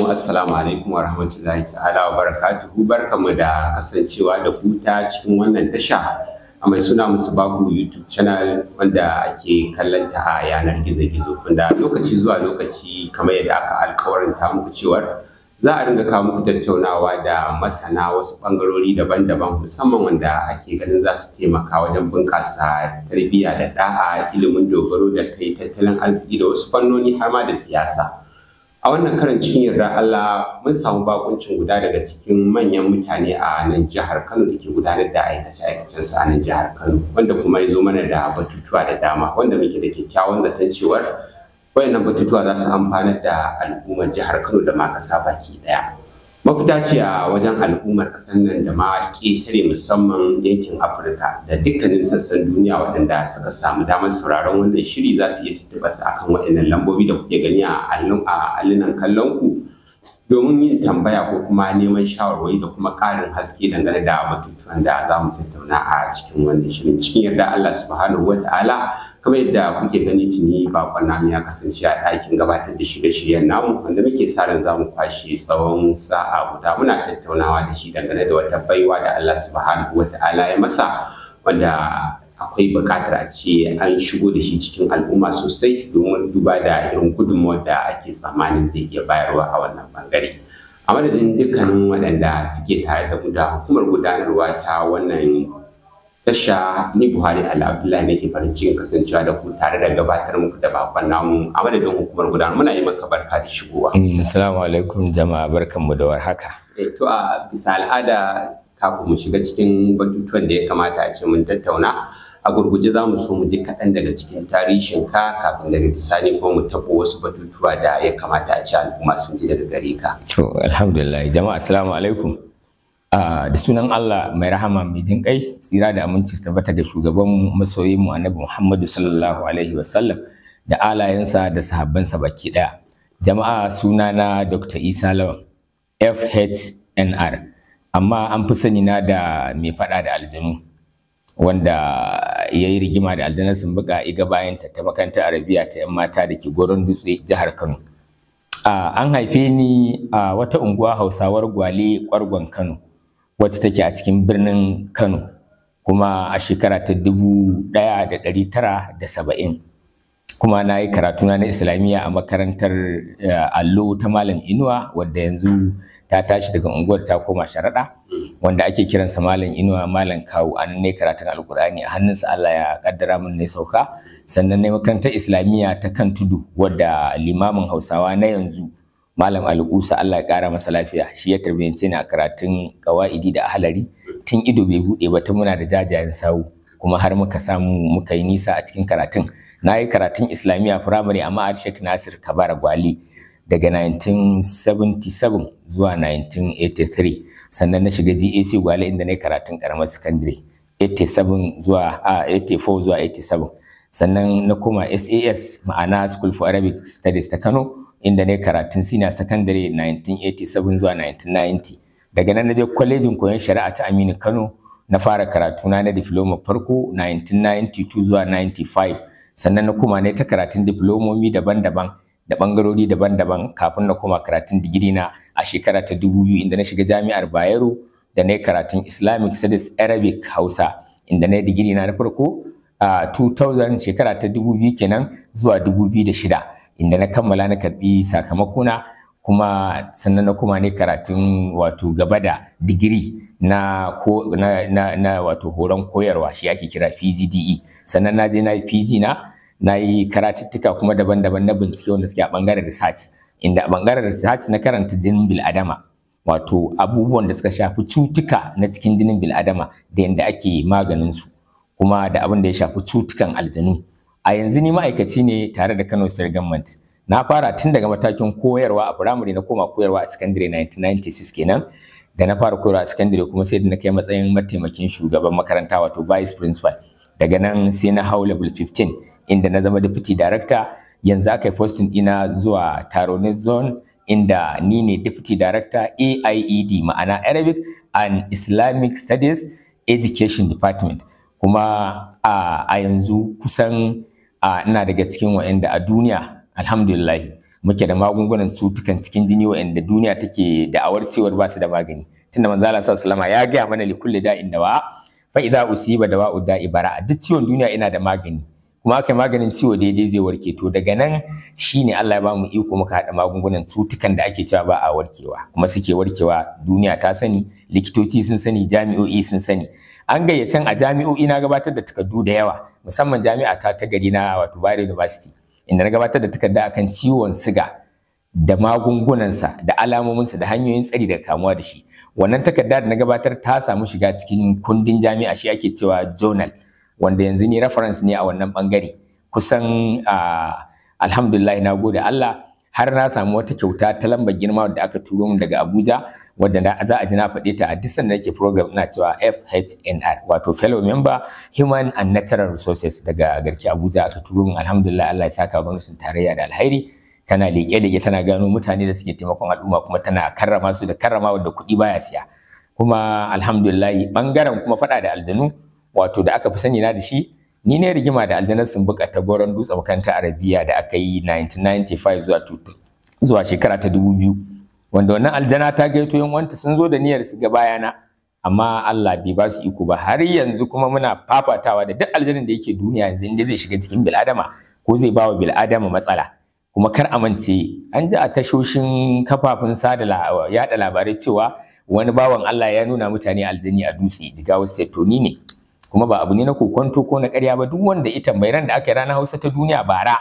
mu assalamu alaikum wa rahmatullahi ta'ala wa barakatuhu barkamu da kasancewa da huta cikin wannan tasha a mai suna musu baku youtube channel wanda ake kallon ta a yanar gizo-gizo wanda lokaci zuwa lokaci kamar yadda aka alkawarin ta muku cewar za a ringa kawo muku tattaunawa da masana wasu bangarori daban-daban musamman wanda ake ganin za su taimaka wajen bunƙasa tarbiyya da da'a ilimin dogaro da kai tattalin arziki da wasu fannoni har ma da siyasa a wannan karan cikin yarda Allah mun samu bakuncin guda daga cikin manyan mutane a nan jihar Kano da ke gudanar da aikace aikacen su a nan jihar Kano wanda kuma ya zo mana da batutuwa da dama wanda muke da kyakkyawan zaton cewar wayannan batutuwa za su amfanar da al'ummar jihar Kano da ma kasa baki daya mafita ce a wajen al'ummar ƙasar nan da ma ƙetare musamman yankin afirka da dukkanin sassan duniya waɗanda suka samu damar sauraron wannan shiri za su iya tattaba su akan waɗannan lambobi da kuke gani a allunan kallon ku domin yin tambaya ko kuma neman shawarwari da kuma ƙarin haske dangane da batutuwan da za mu tattauna a cikin wannan shirin cikin yarda allah subhanahu wa ta'ala kamar yadda kuke gani tuni bakon namu ya kasance a ɗakin gabatar da shirye-shiryen namu wanda muke sa ran za mu kwashe tsawon sa'a guda muna tattaunawa da shi dangane da wata baiwa da Allah subhanahu wa ta'ala ya masa wanda akwai buƙatar a ce an shigo da shi cikin al'umma sosai domin duba da irin gudunmawar da ake tsammanin da ke bayarwa a wannan bangare. a madadin dukkanin waɗanda suke tare da mu hukumar gudanarwa ta wannan tasha ni Buhari Ali Abdullahi nake farin cikin kasancewa da ku tare da gabatar muku da bakon namu a madadin hukumar gudanar muna yi maka barka da shigowa. Mm, assalamu alaikum jama'a Barkan, mu da warhaka. Eh, to a bisa al'ada kafin mu shiga cikin batutuwan da ya kamata a ce mun tattauna a gurguje za mu so mu je kaɗan daga cikin tarihin ka kafin daga bisani ko mu taɓo wasu batutuwa da ya kamata a ce al'umma sun ji daga gare ka. To alhamdulillah jama'a assalamu alaikum. da sunan Allah mai rahama mai jin kai tsira da aminci su tabbata ga shugaban masoyinmu annabi Muhammadu sallallahu alaihi wasallam da alayensa da sahabbansa baki daya jama'a suna na Dr. Isa Lawan FHNR amma an fi sani na da mai fada da aljanu wanda ya yi rigima da aljanar buga iga bayan ta ta makarantar arabiya ta yan mata da ke goron dutse jihar Kano an haife ni a wata unguwa hausawar gwale kwargon Kano wacce take a cikin birnin Kano kuma a shekara ta dubu ɗaya da ɗari tara da saba'in kuma na yi karatuna na islamiyya a makarantar eh, allo ta malam inuwa wadda yanzu ta tashi daga unguwar ta koma sharaɗa wanda ake kiransa malam inuwa malam kawu an ne karatun alkur'ani a hannunsa allah ya kaddara min ne sauka sannan ne makarantar islamiyya ta kan tudu wadda limamin hausawa na yanzu malam alƙusa Allah ya ƙara masa lafiya shi ya tarbiyance ni a karatun ƙawa'idi da ahalari tun ido bai buɗe ba tun muna da jajayen sawu kuma har muka samu muka yi nisa a cikin karatun na yi karatun islamiyya firamare amma shek nasir kabara gwali daga 1977 zuwa 1983 sannan na shiga gac gwali inda na yi karatun karamar sakandare 87 zuwa a 84 zuwa 87 sannan na koma SAS ma'ana School for Arabic Studies ta Kano inda ne karatun sina secondary 1987 zuwa 1990 daga nan je kwalejin koyon shari'a ta Aminu Kano na fara karatu na na diploma farko 1992 zuwa 95 sannan na kuma ne ta karatun diplomomi daban-daban da bangarori daban-daban kafin na koma karatun digiri na a shekara ta 2000 inda na shiga jami'ar Bayero da na karatun Islamic Studies Arabic Hausa inda na digiri na na farko a 2000 shekara ta 2000 kenan zuwa 2006 inda na kammala na karbi sakamakona kuma sannan na kuma ne karatun wato gaba da digiri na, ko, na, na, na wato horon koyarwa shi ake kira PGDE sannan na je na yi PG na na yi karatuttuka kuma daban-daban na bincike wanda suke a bangaren research inda a bangaren research na karanta jinin bil'adama wato abubuwan da suka shafi cutuka na cikin jinin bil'adama da yadda ake maganin su kuma da abin da ya shafi cutukan aljanu a yanzu ni ma'aikaci ne tare da Kano State Government na fara tun daga matakin koyarwa a firamare na koma koyarwa a secondary 1996 kenan da na fara koyarwa a secondary kuma sai da na kai matsayin mataimakin shugaban makaranta wato vice principal daga nan sai na hau level 15 inda na zama deputy director yanzu aka yi posting ina zuwa Taroni zone inda ni ne deputy director AIED ma'ana Arabic and Islamic Studies Education Department kuma a yanzu kusan a ina daga cikin wa'anda a duniya alhamdulillah muke da magungunan cutukan cikin jini wa'anda duniya take da'awar cewar ba su da magani tunda manzo Allah sallallahu alaihi ya gaya mana li kulli da'in dawa fa idza usiba dawa'u da'i bara duk ciwon duniya ina da magani kuma aka maganin ciwo daidai zai warke to daga nan shine Allah ya mu iko muka haɗa magungunan cutukan da ake cewa ba a warkewa kuma suke warkewa duniya ta sani likitoci sun sani jami'o'i sun sani an gayyacen a jami'o'i na gabatar da takardu da yawa musamman jami'a ta ta gari na wato Bayero University inda na gabatar da takarda akan ciwon siga da magungunansa da alamominsa da hanyoyin tsari daga kamuwa da shi wannan takarda da na gabatar ta samu shiga cikin kundin jami'a shi ake cewa journal wanda yanzu ni reference ne a wannan bangare kusan ah, alhamdulillah na gode Allah har na samu wata kyauta ta lambar girma da aka turo min daga Abuja wadda za a ji na faɗe ta a duk sanda nake program ina cewa FHNR wato fellow member Human and Natural Resources daga garki Abuja aka turo min alhamdulillah Allah ya saka gwamnatin tarayya da alhairi tana leƙe leƙe tana gano mutane da suke taimakon al'umma kuma tana karrama su da karrama da kuɗi baya siya kuma alhamdulillah bangaren kuma faɗa da aljanu wato da aka fi sani na da shi ni ne rigima da aljanar sumbuka ta goron dutse makarantar arabiya da aka yi 1995 zuwa zuwa shekara ta 2000 wanda wannan aljana ta gaito yin wanta sun zo da niyyar su ga bayana amma Allah bai ba su iko ba har yanzu kuma muna fafatawa da duk aljanin da yake duniya yanzu inda zai shiga cikin bil'adama ko zai ba wa bil'adama matsala kuma kar amince an ji a tashoshin kafafun sada yada labarai cewa wani bawan Allah ya nuna mutane aljani a dutse jigawa wasu to ni ne kuma ba abu ne na kokonto ko na ƙarya ba duk wanda ita mai ran da aka yi ranar Hausa ta duniya bara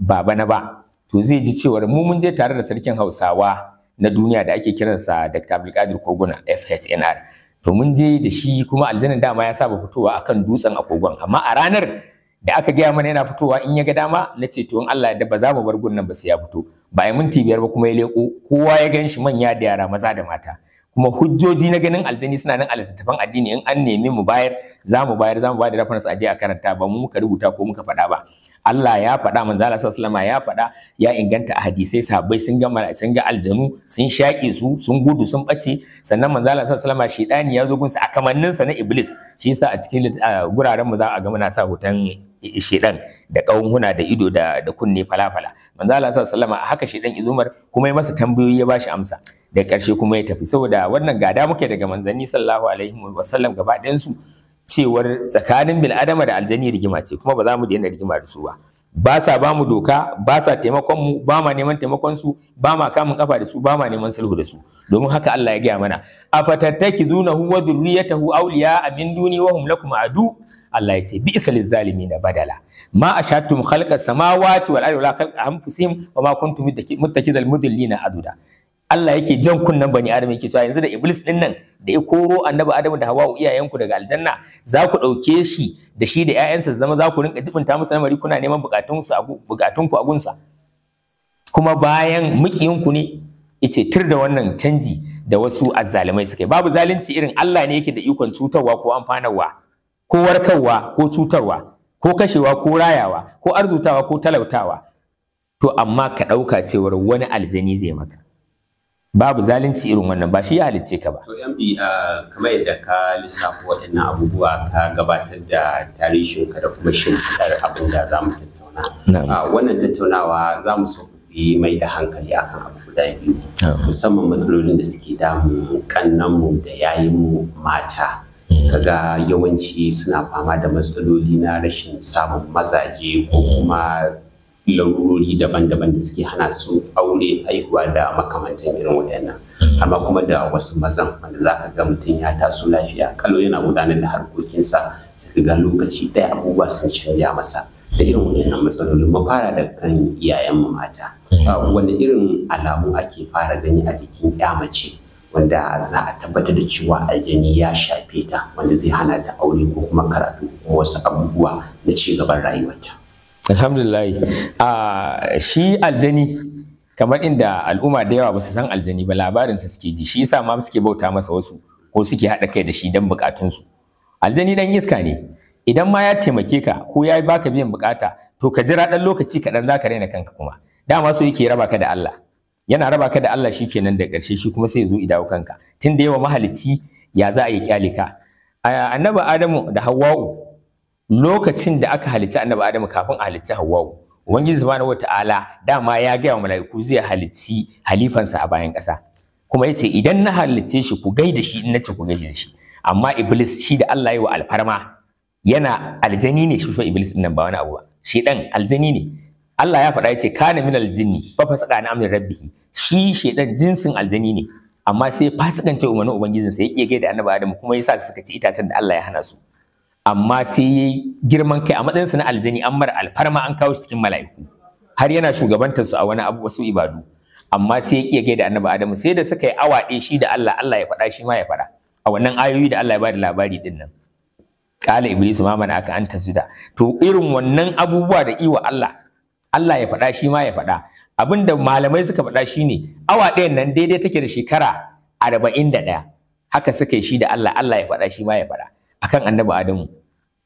ba bana ba to zai ji cewa mu mun je tare da sarkin Hausawa na duniya da ake kiransa Dr. Abdulkadir Koguna FHNR to mun je da shi kuma aljanin dama ya saba fitowa akan dutsen akogon amma a ranar da aka gaya mana yana fitowa in ya ga dama na ce to in Allah ya ba za mu bar gun ba sai ya fito ba minti biyar ba kuma ya leko kowa ya gan shi manya da yara maza da mata kuma hujjoji na ganin aljani suna nan a addini in an nemi mu bayar za mu bayar za mu bayar da reference a je a karanta ba mu muka rubuta ko muka faɗa ba Allah ya faɗa manzo sallama ya faɗa ya inganta a hadisai sahabbai sun ga sun ga aljanu sun shaƙe su sun gudu sun ɓace sannan manzo Allah sallama shedani ya zo gunsa a kamannin sa na iblis shi yasa a cikin guraren mu za a ga muna sa hoton shedan da huna da ido da da kunne falafala manzo Allah sallama a haka shedan izumar kuma ya masa tambayoyi ya bashi amsa da ƙarshe kuma ya tafi saboda wannan gada muke daga manzanni sallallahu alaihi wasallam gaba ɗayan su cewar tsakanin bil'adama da aljani rigima ce kuma ba za mu daina rigima da su ba ba sa ba mu doka ba sa taimakon mu ba ma neman taimakon su ba ma kamun kafa da su ba ma neman sulhu da su domin haka Allah ya gaya mana afatattakizunahu wa dhurriyyatahu awliya amin duni wa hum lakum adu Allah ya ce bi'sal zalimin badala ma ashatum khalqas samawati wal ardi wa khalqa anfusihim wa ma kuntum muttakidal mudillina aduda Allah yake jan kunnen bani Adam yake cewa yanzu da Iblis din nan da ya koro Annabi Adamu da u iyayenku daga aljanna za ku dauke shi da shi da ƴaƴansa zama za ku rinka jibinta musu lamari kuna neman bukatun bukatunku a gunsa kuma bayan mukiyinku ne yace tir da wannan canji da wasu azzalumai suka yi babu zalunci irin Allah ne yake da ikon cutarwa ko amfanarwa ko warkarwa ko cutarwa ko kashewa ko rayawa ko arzutawa ko talautawa to amma ka ɗauka cewar wani aljani zai maka babu zalunci irin wannan ba shi ya halicce ka ba to yan MD kamar yadda ka lissafa waɗannan abubuwa ka gabatar da tarihin ka da kuma shimfiɗar abin da za mu tattauna wannan tattaunawa za mu so mai da hankali akan abu guda biyu musamman matsalolin da suke damun mu da mu mata mm. kaga yawanci suna fama da matsaloli na rashin samun mazaje ko kuma larurori daban-daban da suke hana su aure haihuwa da makamantan irin waɗannan amma kuma da wasu mazan wanda za ka ga mutum ya taso lafiya kalo yana gudanar da harkokinsa sai ga lokaci ɗaya abubuwa sun canja masa da irin waɗannan matsaloli, mu fara da kan iyayen mu mata hmm. ah, wanda irin alamu ake fara gani a jikin ya mace wanda za a tabbatar da cewa aljani ya shafe ta wanda zai hana ta aure ko kuma karatu ko wasu abubuwa na ci gaban rayuwarta alhamdulillah a ah, shi aljani kamar inda al'umma da yawa ba su san aljani ba labarin su suke ji shi yasa ma suke bauta masa wasu ko suke haɗa kai da shi dan bukatun su aljani dan iska ne idan ma ya taimake ka ko ya baka biyan bukata to ka jira dan lokaci kaɗan za ka raina kanka kuma dama so yake raba ka da Allah yana raba ka da Allah shi kenan da ƙarshe shi kuma sai ya zo idawo kanka tun da yawa mahalicci ya za a yi kyalika ah, annabi Adamu da Hawwa'u lokacin da aka halicci annabi adamu kafin a halicci hawwa'u ubangiji subhanahu wata'ala dama ya gaya wa mala'iku zai halicci halifansa a bayan ƙasa kuma yace idan na halicce shi ku gaida shi in nace ku gaida shi amma iblis shi da Allah ya wa alfarma yana aljani ne shi kuma iblis din ba wani abu ba shi dan aljani ne Allah ya faɗa yace kana min aljinni fa fasaka na amrin rabbihi shi shedan jinsin aljani ne amma sai ce umarnin ubangijinsa ya iya gaida annabi adamu kuma yasa suka ci itacen da Allah ya hana su amma sai yi girman kai a matsayinsa na aljani an mara alfarma an kawo shi cikin mala'iku har yana shugabantar su a wani abu wasu ibadu amma sai ya kiyaye da annabi adamu sai da suka yi awa ɗaya shi da Allah Allah ya faɗa shi ma ya faɗa a wannan ayoyi da Allah ya bada labari din nan kala iblis ma mana aka anta zuda to irin wannan abubuwa da iwa Allah Allah ya faɗa shi ma ya faɗa abinda malamai suka faɗa shi ne, awa ɗayan nan daidai take da shekara arba'in da ɗaya haka suka yi shi da Allah Allah ya faɗa shi ma ya faɗa akan annabi adamu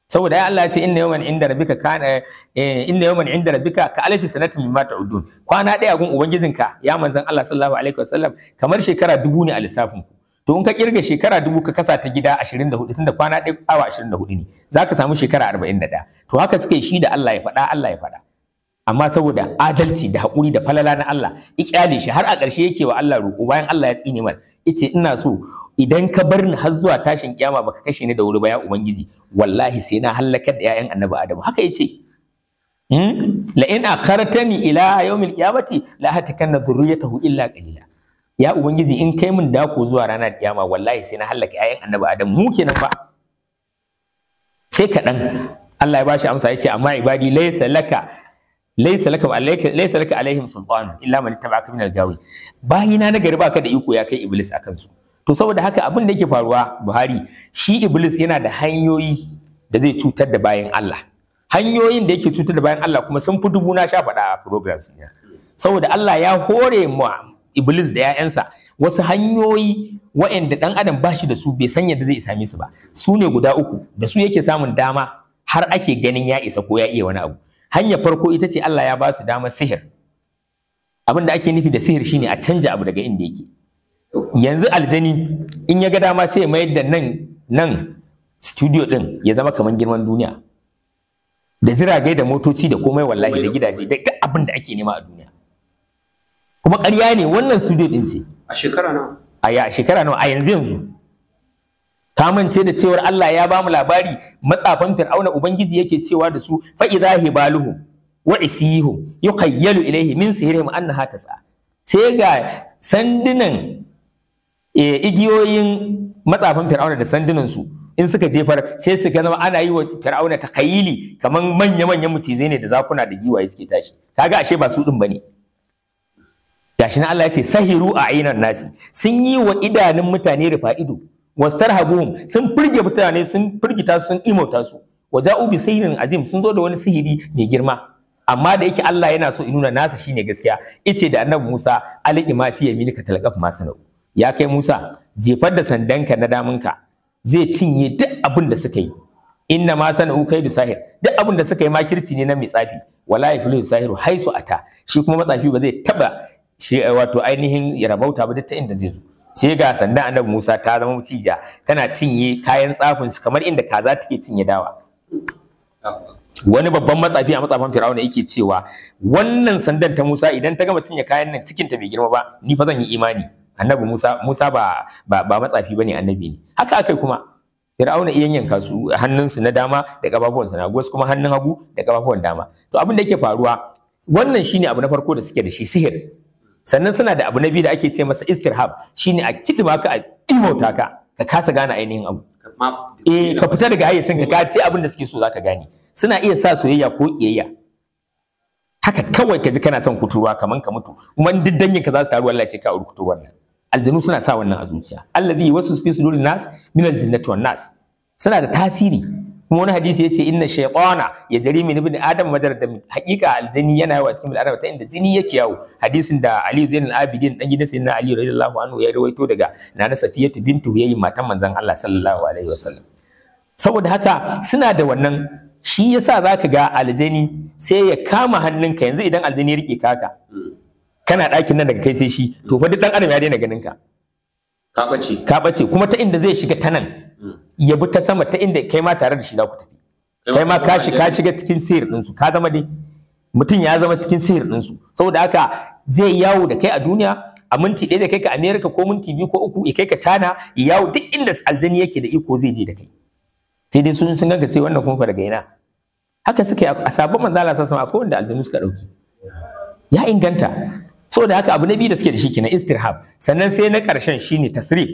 saboda ya Allah ya ce inna yawman inda rabbika kana eh, inna yawman inda rabbika ka alfi sanatin mimma ta'udun kwana daya gun ubangijinka ya manzon Allah sallallahu alaihi wasallam kamar shekara dubu ne a lissafin ku to in ka kirga shekara dubu ka kasa ta gida 24 tunda kwana daya awa 24 ne zaka samu shekara 41 to haka suke shi da Allah ya faɗa Allah ya faɗa amma saboda adalci da haƙuri da falala na Allah ikyale shi har a ƙarshe yake wa Allah roƙo bayan Allah ya tsine mal ice ina so idan ka bar ni har zuwa tashin kiyama baka kashe ni da wuri ba ya ubangiji wallahi sai na halakar da ƴaƴan annabi adamu haka yace hmm? la in akhartani ila yawmil qiyamati la hatakanna dhurriyyatahu illa qalila ya ubangiji in kai min dako zuwa ranar kiyama wallahi sai na halaka ƴaƴan annabi adamu mu kenan fa sai kaɗan Allah ya bashi amsa yace amma ibadi laysa laka laisa laka alayka laka alaihim sultan illa man tabaka min al-gawi bayina na gari baka da iko ya kai iblis akan su to saboda haka abin da yake faruwa Buhari shi iblis yana da hanyoyi da zai cutar da bayan Allah hanyoyin da yake cutar da bayan Allah kuma sun fi dubu na sha faɗa a programs ɗina saboda Allah ya hore ma iblis da 'ya'yansa wasu hanyoyi wa'anda ɗan adam bashi da su bai san yadda zai same su ba su ne guda uku da su yake samun dama har ake ganin ya isa ko ya iya wani abu hanya farko ita ce Allah ya ba su damar sihir abin da ake nufi da sihir shine a canja abu daga inda yake yanzu aljani in ya ga dama sai ya mayar da nan nan studio din ya zama kamar girman duniya da jiragai da motoci da komai wallahi da gidaje da duk abin da ake nema a duniya kuma ƙarya ne wannan studio din ce a shekara nawa a shekara nawa a yanzu yanzu ka mance da cewar Allah ya bamu labari matsafan fir'auna ubangiji yake cewa da su fa idza hibaluhum wa isihum yuqayyalu ilayhi min sihrihim annaha tas'a sai ga sandunan eh, igiyoyin matsafan fir'auna da sandunan su in suka jefar sai su zama ana yi wa fir'auna takayili kamar manya-manyan mucizai ne da zakuna da giwaye suke tashi kaga ashe ba su din bane gashi na Allah ya ce sahiru a ainan nasi sun yi wa idanun mutane rufa ido Wastar habum sun firge mutane sun firgita sun imauta su wa ubi bi azim sun zo da wani sihiri mai girma amma da yake Allah yana so in nuna nasa shine gaskiya ice da annabi Musa aliki ma fi ka talqaf ma ya kai Musa jefar da sandanka na damunka zai cinye duk abin da suka yi inna ma sanau kaidu sahir duk abin da suka yi ma kirci ne na mai tsafi wala yafilu sahiru haisu ata shi kuma matsafi ba zai taba shi wato ainihin rabauta ba duk ta inda zai zo sai ga sanda annabi Musa ta zama mucija tana cinye kayan tsafin su kamar inda kaza take cinye dawa wani babban matsafi a matsafan Fir'auna yake cewa wannan sandan ta Musa idan ta gama cinye kayan nan cikin ta bai girma ba ni fa zan yi imani annabi Musa Musa ba ba, ba matsafi bane annabi ne haka akai kuma Fir'auna iyan yanka su hannunsu na dama da kafafuwansa na gwas kuma hannun hagu da kafafuwan dama to abin da yake faruwa wannan shine abu na farko da suke da shi sihir sannan suna da abu na biyu da ake ce masa istirhab shine a kidima ka a ilmauta ka ka kasa gane ainihin abu eh ka fita daga hayyacin ka ka sai abin da suke so zaka gane suna iya sa soyayya ko kiyayya haka kawai ka ji kana son kuturwa kaman ka mutu kuma duk dangin ka za su taru Allah sai ka auri kuturwar nan aljanu suna sa wannan a zuciya alladhi wasu fi sudurin nas min aljannati wan nas suna da tasiri kuma wani hadisi ya ce inna shaytana ya jari min ibn adam majar da hakika aljini yana yawa cikin bil adam ta inda jini yake yawo hadisin da ali nan abidin dan gidan sayyidina ali radiyallahu anhu ya rawaito daga nana safiyatu bintu yayi matan manzon Allah sallallahu alaihi wasallam saboda haka suna da wannan shi yasa zaka ga aljini sai ya kama hannunka yanzu idan aljini ya rike kaka kana ɗakin nan daga kai sai shi to fa duk dan adam ya daina ganin ka ka kuma ta inda zai shiga ta nan ya bi ta sama ta inda kai ma tare da shi za ku tafi kai ma ka shiga cikin sihir ɗinsu ka zama dai mutum ya zama cikin sihir ɗinsu saboda haka zai yawo da kai a duniya a minti ɗaya da kai ka amerika ko minti biyu ko uku ya kai ka cana ya yawo duk inda aljani yake da iko zai je da kai sai dai sun sun ganka sai wannan kuma daga ina haka suka yi a sabon manzala Allah sallallahu akwai wanda aljanu suka ɗauki ya inganta saboda haka abu na biyu da suke da shi kenan istirhab sannan sai na karshen ne tasrif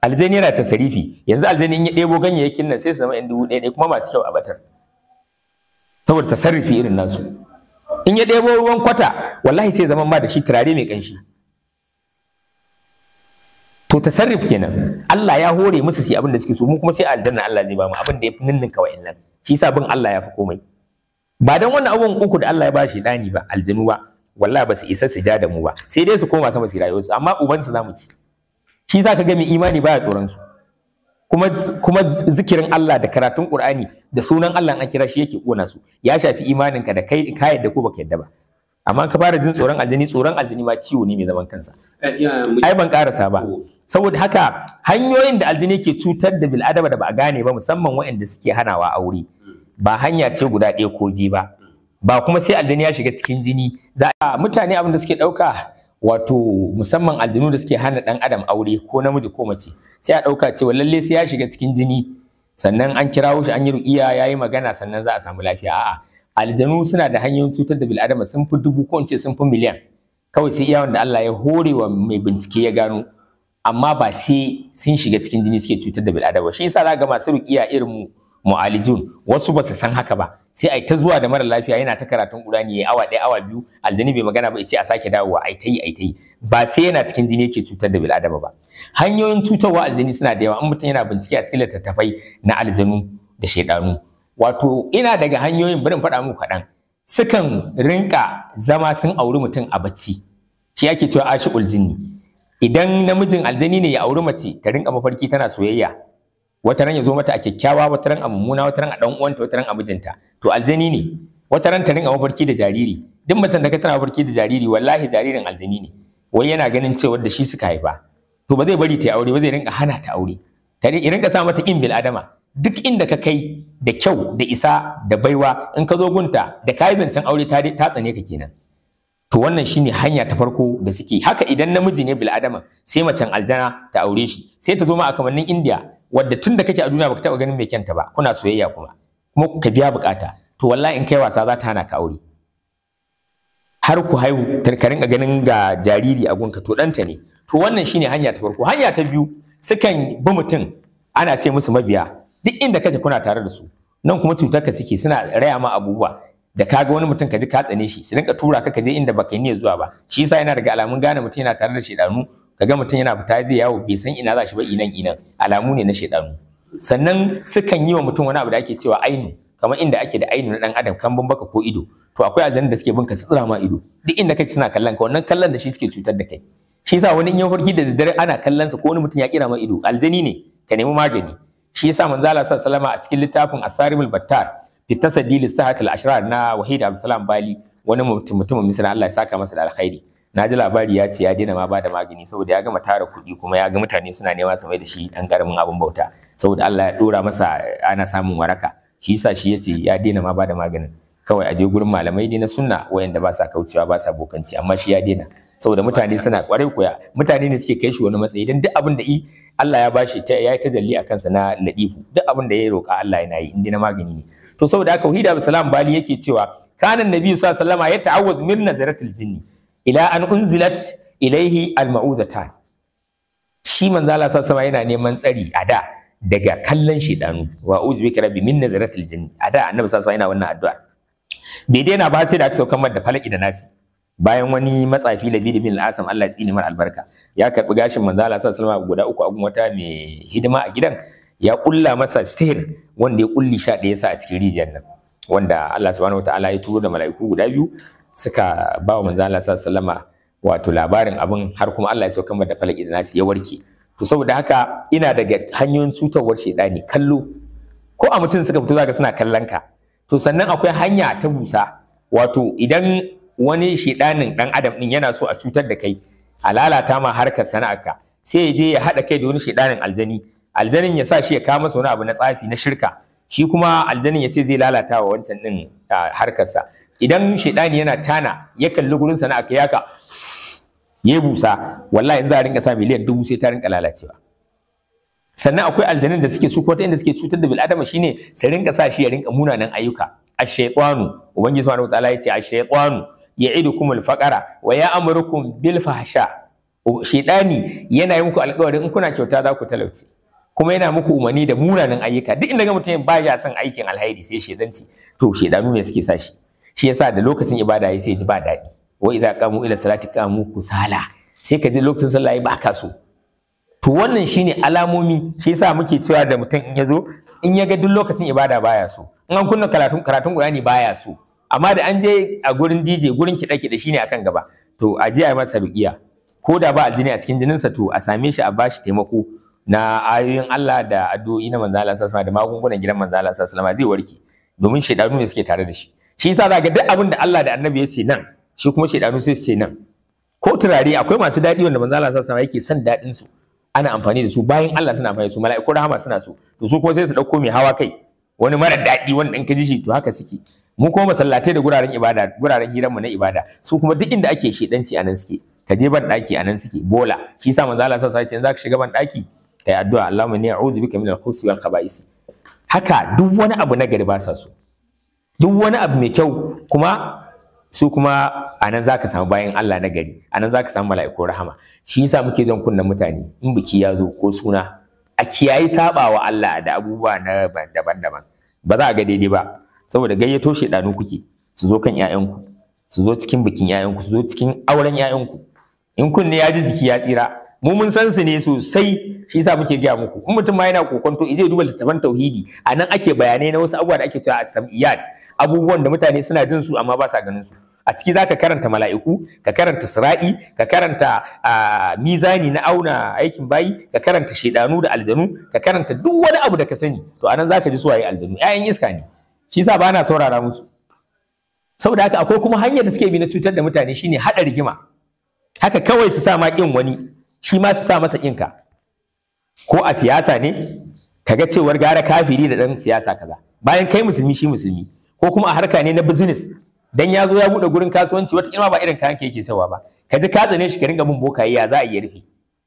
aljani yana tasarifi yanzu aljani in ya ɗebo ganyayyakin nan sai su zama yan dubu ɗaya ɗaya kuma masu kyau a batar saboda tasarrufi irin nasu in ya ɗebo ruwan kwata wallahi sai zama ba da shi turare mai ƙanshi to tasarruf kenan Allah ya hore musu su abin da suke so mu kuma sai aljanna Allah zai ba mu abin da ya fi ninninka wa'annan shi yasa bin Allah ya fi komai ba dan wannan abun uku da Allah ya bashi dani ba aljanu ba wallahi ba su isa su ja da mu ba sai dai su koma sama su rayuwarsu amma ubansu za zamu ci shi za ka mai imani baya tsoron su kuma zikirin Allah da karatun Qur'ani da sunan Allah an kira shi yake kona su ya shafi imanin ka da kai ka yadda ko baka yadda ba amma ka fara jin tsoron aljini tsoron aljini ma ciwo ne mai zaman kansa eh, ai ban karasa ba saboda haka hanyoyin da aljini ke cutar da bil'adama da ba a gane ba musamman waɗanda suke hanawa aure ba hanya ce guda ɗaya ko biyu ba ba kuma sai aljini ya shiga cikin jini za a mutane abin da suke ɗauka wato musamman aljanu da suke hana dan adam aure ko namiji ko mace sai a ɗauka cewa lalle sai ya shiga cikin jini sannan an kirawo shi an yi ruƙiya ya yi magana sannan za a samu lafiya a'a aljanu suna da hanyoyin cutar da bil'adama sun fi dubu ko ce sun fi miliyan kawai sai iya wanda Allah ya hore wa mai bincike ya gano amma ba sai sun shiga cikin jini suke cutar da bil'adama shi yasa za ga masu ruƙiya irin mu mu'alijun wasu ba su san haka ba sai ai ta zuwa da mara lafiya yana ta karatun Qur'ani yayi awa ɗaya awa biyu aljini bai magana ba sai a sake dawowa ai tai ai tai ba sai yana cikin jini yake cutar da bil'adama ba hanyoyin cutarwa aljini suna da yawa in mutum yana bincike a cikin littattafai na aljanu da shaidanu wato ina daga hanyoyin barin faɗa muku kaɗan sukan rinka zama sun auri mutum a bacci shi ake cewa ashiqul jinni idan namijin aljani ne ya auri mace ta rinka mafarki tana soyayya wata ran ya zo mata a kyakkyawa wata ran a mummuna wata ran a dan uwanta wata ran a mijinta to aljani ne wata ran ta rinka mafarki da jariri duk mutan da ka tana mafarki da jariri wallahi jaririn aljani ne wai yana ganin cewa da shi suka haifa to ba zai bari ta aure ba zai rinka hana ta aure ta rinka sa mata in bil adama duk inda ka kai da kyau da isa da baiwa in ka zo gunta da kayi zancen aure ta ta tsane ka kenan to wannan shine hanya ta farko da suke haka idan namiji ne bil adama sai macen aljana ta aure shi sai ta zo ma a kamannin indiya wadda tun da kake a duniya baka taba ganin mai kyanta ba kuna soyayya kuma kuma ka biya bukata to wallahi in kai wasa za ta hana ka aure har ku haihu ka rinka ganin ga jariri a gunka to danta ne to wannan shine hanya ta farko hanya ta biyu sukan bi mutum ana ce musu mabiya duk inda kake kuna tare da su nan kuma cutar ka suke suna raya ma abubuwa da kaga wani mutum ka ji ka tsane shi su rinka tura ka ka je inda baka niyyar zuwa ba shi yasa yana daga alamun gane mutum yana tare da shedanu kaga mutum yana fita zai yawo bai san ina za shi ba inan inan alamu ne na shaidanu sannan sukan yi wa mutum wani abu da ake cewa ainu kamar inda ake da ainu na dan adam kan baka ko ido to akwai aljanna da suke bin ka tsira ma ido duk inda kake suna kallon ka wannan kallon da shi suke cutar da kai shi yasa wani in ya farki da daddare ana kallon sa ko wani mutum ya kira ma ido aljani ne ka nemi magani shi yasa manzo Allah sallallahu alaihi a cikin littafin Asarimul Battar fi tasdilis ashrar na Wahid salam Bali wani mutum mutumin Misra Allah ya saka masa da alkhairi na ji labari ya ce ya daina ma bada magani saboda ya gama tara kuɗi kuma ya ga mutane suna nema su mai da shi ɗan ƙaramin abin bauta saboda Allah ya ɗora masa ana samun waraka shi yasa shi ya ce ya daina ma bada maganin kawai a je gurin malamai ne na sunna wayanda ba sa kaucewa ba sa bokanci amma shi ya daina saboda mutane suna kware koya mutane ne suke kai shi wani matsayi dan duk abin da i Allah ya bashi ta yayi tajalli a kansa na ladifu duk abin da ya roka Allah yana yi inda na magani ne to saboda haka wahida salam bali yake cewa kanan nabi sallallahu alaihi wasallam ya ta'awuz min nazaratil jinni ila an unzilat ilaihi alma'uzata shi manzo Allah sallallahu alaihi yana neman tsari a da daga kallon dan wa uzbika rabbi min nazaratil jinn a da annabi sallallahu alaihi yana wannan addu'a bai daina ba sai da aka saukan da falaki da nasi bayan wani matsafi da bin al'asam Allah ya tsini mar albarka ya karbi gashin manzo Allah sallallahu alaihi guda uku a gun wata mai hidima a gidan ya kulla masa sihir wanda ya kulli sha ɗaya sa a cikin rijiyar nan wanda Allah subhanahu wataala ya turo da mala'iku guda biyu suka ba wa manzo Allah sallallahu alaihi wato labarin abin har kuma Allah ya sauka da falaki da nasi ya warke to saboda haka ina daga hanyoyin cutarwar shedani kallo ko a mutum suka fito zaka suna kallon ka to sannan akwai hanya ta busa wato idan wani shedanin dan adam din yana so a cutar da kai a lalata ma harkar sana'arka sai ya je ya haɗa kai da wani shedanin aljani aljanin ya sa shi ya kawo masa wani abu na tsafi na shirka shi kuma aljanin ya ce zai lalata wa wancan din ah, harkarsa idan shaidani yana tana ya kalli gurin sana aka yaka ya busa wallahi yanzu a rinka sa miliyan dubu sai ta rinka lalacewa sannan akwai aljanin da suke su ko ta inda suke cutar da bil'adama shine su rinka sa shi ya rinka munanan ayyuka ash-shaytanu ubangiji subhanahu wa ta'ala yace ash-shaytanu ya'idukum kuma faqara wa ya'murukum bil fahsha Shaiɗani yana yi muku alƙawarin in kuna kyauta za ku talauci kuma yana muku umarni da munanan ayyuka duk inda ga mutum ba ya son aikin alhairi sai shaidanci to shaiɗanu ne suke sa shi shi yasa da lokacin ibada ya sai ji ba daɗi wa idza qamu ila salati qamu kusala sai ka ji lokacin sallah ya baka so to wannan shine alamomi shi yasa muke cewa da mutum in yazo in ya ga duk lokacin ibada baya so in an kunna karatun karatun Qur'ani baya so amma da an je a gurin DJ gurin kiɗa kiɗa shine akan gaba to a je a masa ruqiya ko da ba aljini a cikin jininsa to a same shi a bashi taimako na ayoyin Allah da addu'o'i na manzo Allah sallallahu alaihi wasallam da magungunan gidan manzo Allah sallallahu alaihi wasallam zai warke domin shedanu ne suke tare da shi shi yasa zaka duk abin da Allah da Annabi ya ce nan shi kuma shedanu sai su ce nan ko turare akwai masu daɗi wanda manzo Allah sallallahu alaihi yake son daɗin su ana amfani da su bayan Allah suna amfani da su mala'iku rahama suna so to su kuma sai su dauko mai hawa kai wani mara daɗi wanda in ka ji shi to haka suke mu kuma masallatai da guraren ibada guraren hiran mu na ibada su kuma duk inda ake shedanci nan suke ka je ban daki nan suke bola shi yasa manzo Allah sallallahu alaihi wasallam ka shiga ban daki kai addu'a Allahumma inni a'udhu bika minal khubuthi wal khaba'is haka duk wani abu na gari ba sa so duk wani abu mai kyau kuma su kuma a nan za ka samu bayan Allah na gari a nan za ka samu mala'iku rahama shi yasa muke zan kunna mutane in biki ya zo ko suna a kiyayi saba Allah da abubuwa na daban-daban ba za a ga daidai ba saboda gayyato danu kuke su zo kan 'ya'yanku su zo cikin bikin 'ya'yanku su zo cikin auren 'ya'yanku in kunne ya ji jiki ya tsira mu mun san su ne sosai shi yasa muke gaya muku in mutum ma yana kokonto zai duba littattafan tauhidi a nan ake bayanai na wasu abubuwa da ake cewa sam'iyat abubuwan da mutane suna jin su amma ba sa ganin su a ciki zaka karanta mala'iku ka karanta sira'i ka karanta mizani na auna aikin bayi ka karanta shedanu da aljanu ka karanta duk wani abu da ka sani to a anan zaka ji suwaye aljanu ƴaƴan iska ne shi yasa bana saurara musu saboda haka akwai kuma hanyar da suke bi na cutar da mutane shine haɗa rigima haka kawai su sa ma kin wani shi ma su sa masa ƙinka ko a siyasa ne Ka ga cewar gara kafiri da ɗan siyasa kaza bayan kai musulmi shi musulmi ko kuma a harka ne na business dan ya zo ya bude gurin kasuwanci wata kima ba irin kayan ka yake sawa ba ka ji ka tsane shi ka ringa bin bokaye ya za a yi rufe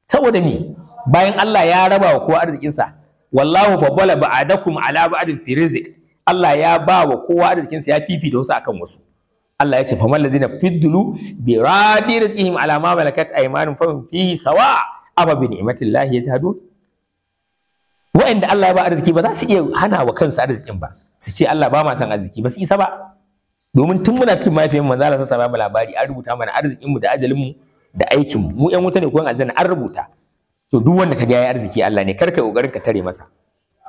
saboda me bayan Allah ya raba wa kowa arzikinsa wallahu fabbala ba'adakum ala ba'd fi Allah ya ba wa kowa arzikinsa ya fifita wasu akan wasu Allah ya ce fa mal ladzina fiddulu bi radi rizqihim ala ma malakat aymanum fa fihi sawa aba bi ni'matillahi yajhadun wa'anda Allah ya ba arziki ba za su iya hana wa kansu arzikin ba su ce Allah ba ma san arziki ba su isa ba domin tun muna cikin mahaifiyar manzo Allah sassa babu labari an rubuta mana arzikin mu da ajalin mu da aikin mu mu yan wuta ne ko an aljanna an rubuta to duk wanda ka ga yayi arziki Allah ne karka kokarin ka tare masa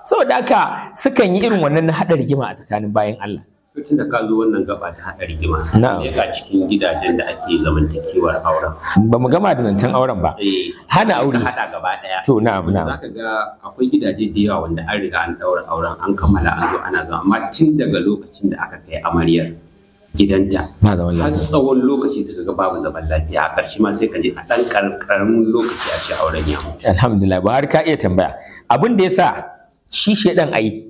saboda haka sukan yi irin wannan na hada rigima a tsakanin bayan Allah to tun da ka zo wannan gaba ta haɗa rigima na'am ka cikin gidajen da ake zamantakewar auren ba mu gama da zancen auren ba eh, hana aure hada gaba daya to na'am ga akwai gidaje da yawa wanda an riga an daura auren an kammala an zo ana zama amma tun daga lokacin da aka kai amaryar gidanta har tsawon lokaci suka ga babu zaman lafiya a ƙarshe ma sai ka je a ɗan ƙarƙarmin lokaci a shi auren ya mutu alhamdulillah ba har ka iya tambaya abin da ya sa shi shedan ai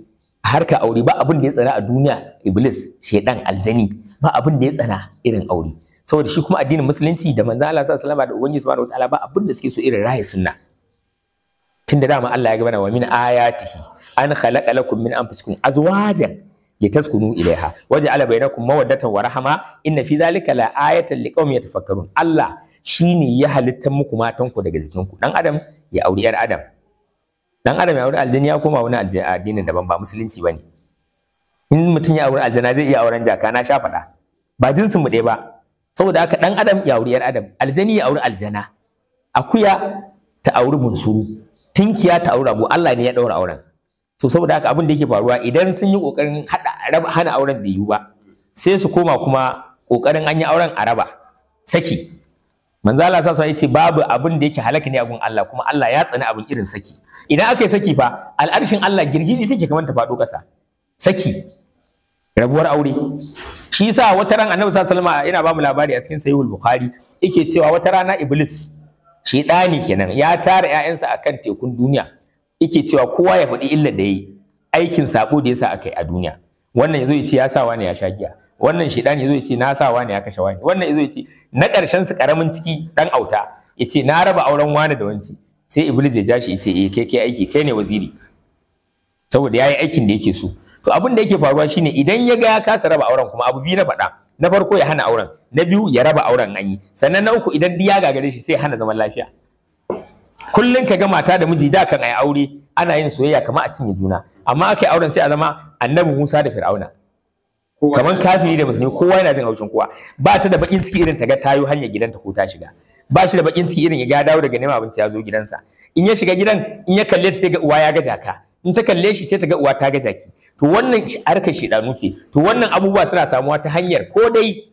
harka aure ba abin da ya tsana a duniya iblis shedan aljani ba abin da ya tsana irin aure saboda shi kuma addinin musulunci da manzo Allah sallallahu alaihi wasallam da ubangiji subhanahu wataala ba abin da suke so irin rayi sunna tunda dama Allah ya gabana wa min ayatihi an khalaqa lakum min anfusikum azwajan litaskunu ilaiha waja'ala bainakum mawaddatan wa rahama inna fi dhalika la ayatan liqaumin yatafakkarun Allah shine ya halitta muku matanku daga jikinku dan adam ya auri yar adam dan adam ya aure aljani ya koma wani addinin daban ba musulunci bane in mutum ya aure aljana zai iya auren jaka na sha faɗa ba jinsin mu ɗaya ba saboda haka dan adam ya aure yar adam aljani ya aure aljana akuya ta auri bunsuru tinkiya ta auri Abu. Allah ne ya daura auren to saboda haka abin da yake faruwa idan sun yi kokarin hada hana auren biyu ba sai su koma kuma kokarin an yi auren a raba saki manzo Allah sasa yace babu abin da yake halaka ne agun Allah kuma Allah ya tsani abin irin saki idan aka yi saki fa al'arshin Allah girgidi take kamar ta faɗo ƙasa saki rabuwar aure shi yasa wata ran Annabi sallallahu alaihi wasallam yana ba mu labari a cikin Sahihul Bukhari yake cewa wata rana Iblis shi ne kenan ya tara ƴaƴansa akan tekun duniya yake cewa kowa ya faɗi illar da yayi aikin sabo da yasa aka yi a duniya wannan yazo ya ce ya sa wani ya sha giya wannan shi dan yazo yace na sa wani ya kashe wani wannan yazo yace na karshen su karamin ciki dan auta yace na raba auren wani da wanci sai iblis ya ja shi yace eh kai kai aiki kai ne waziri saboda yayi aikin da yake so to abin da yake faruwa shine idan ya ga ya kasa raba auren kuma abu biyu na faɗa na farko ya hana auren na biyu ya raba auren an yi sannan na uku idan ya gagare shi sai hana zaman lafiya kullun ka ga mata da miji da kan ai aure ana yin soyayya kamar a cinye juna amma aka yi auren sai a zama annabi Musa da Fir'auna kamar kafiri da musulmi kowa yana jin haushin kowa ba ta da bakin ciki irin ta ga tayo hanyar gidanta ko ta shiga ba shi da bakin ciki irin ya ga dawo daga neman abinci ya zo gidansa in ya shiga gidan in ya kalle ta sai ga uwa ya ga jaka in ta kalle shi sai ta ga uwa ta ga jaki to wannan harkar shedanu ce to wannan abubuwa suna samuwa ta hanyar ko dai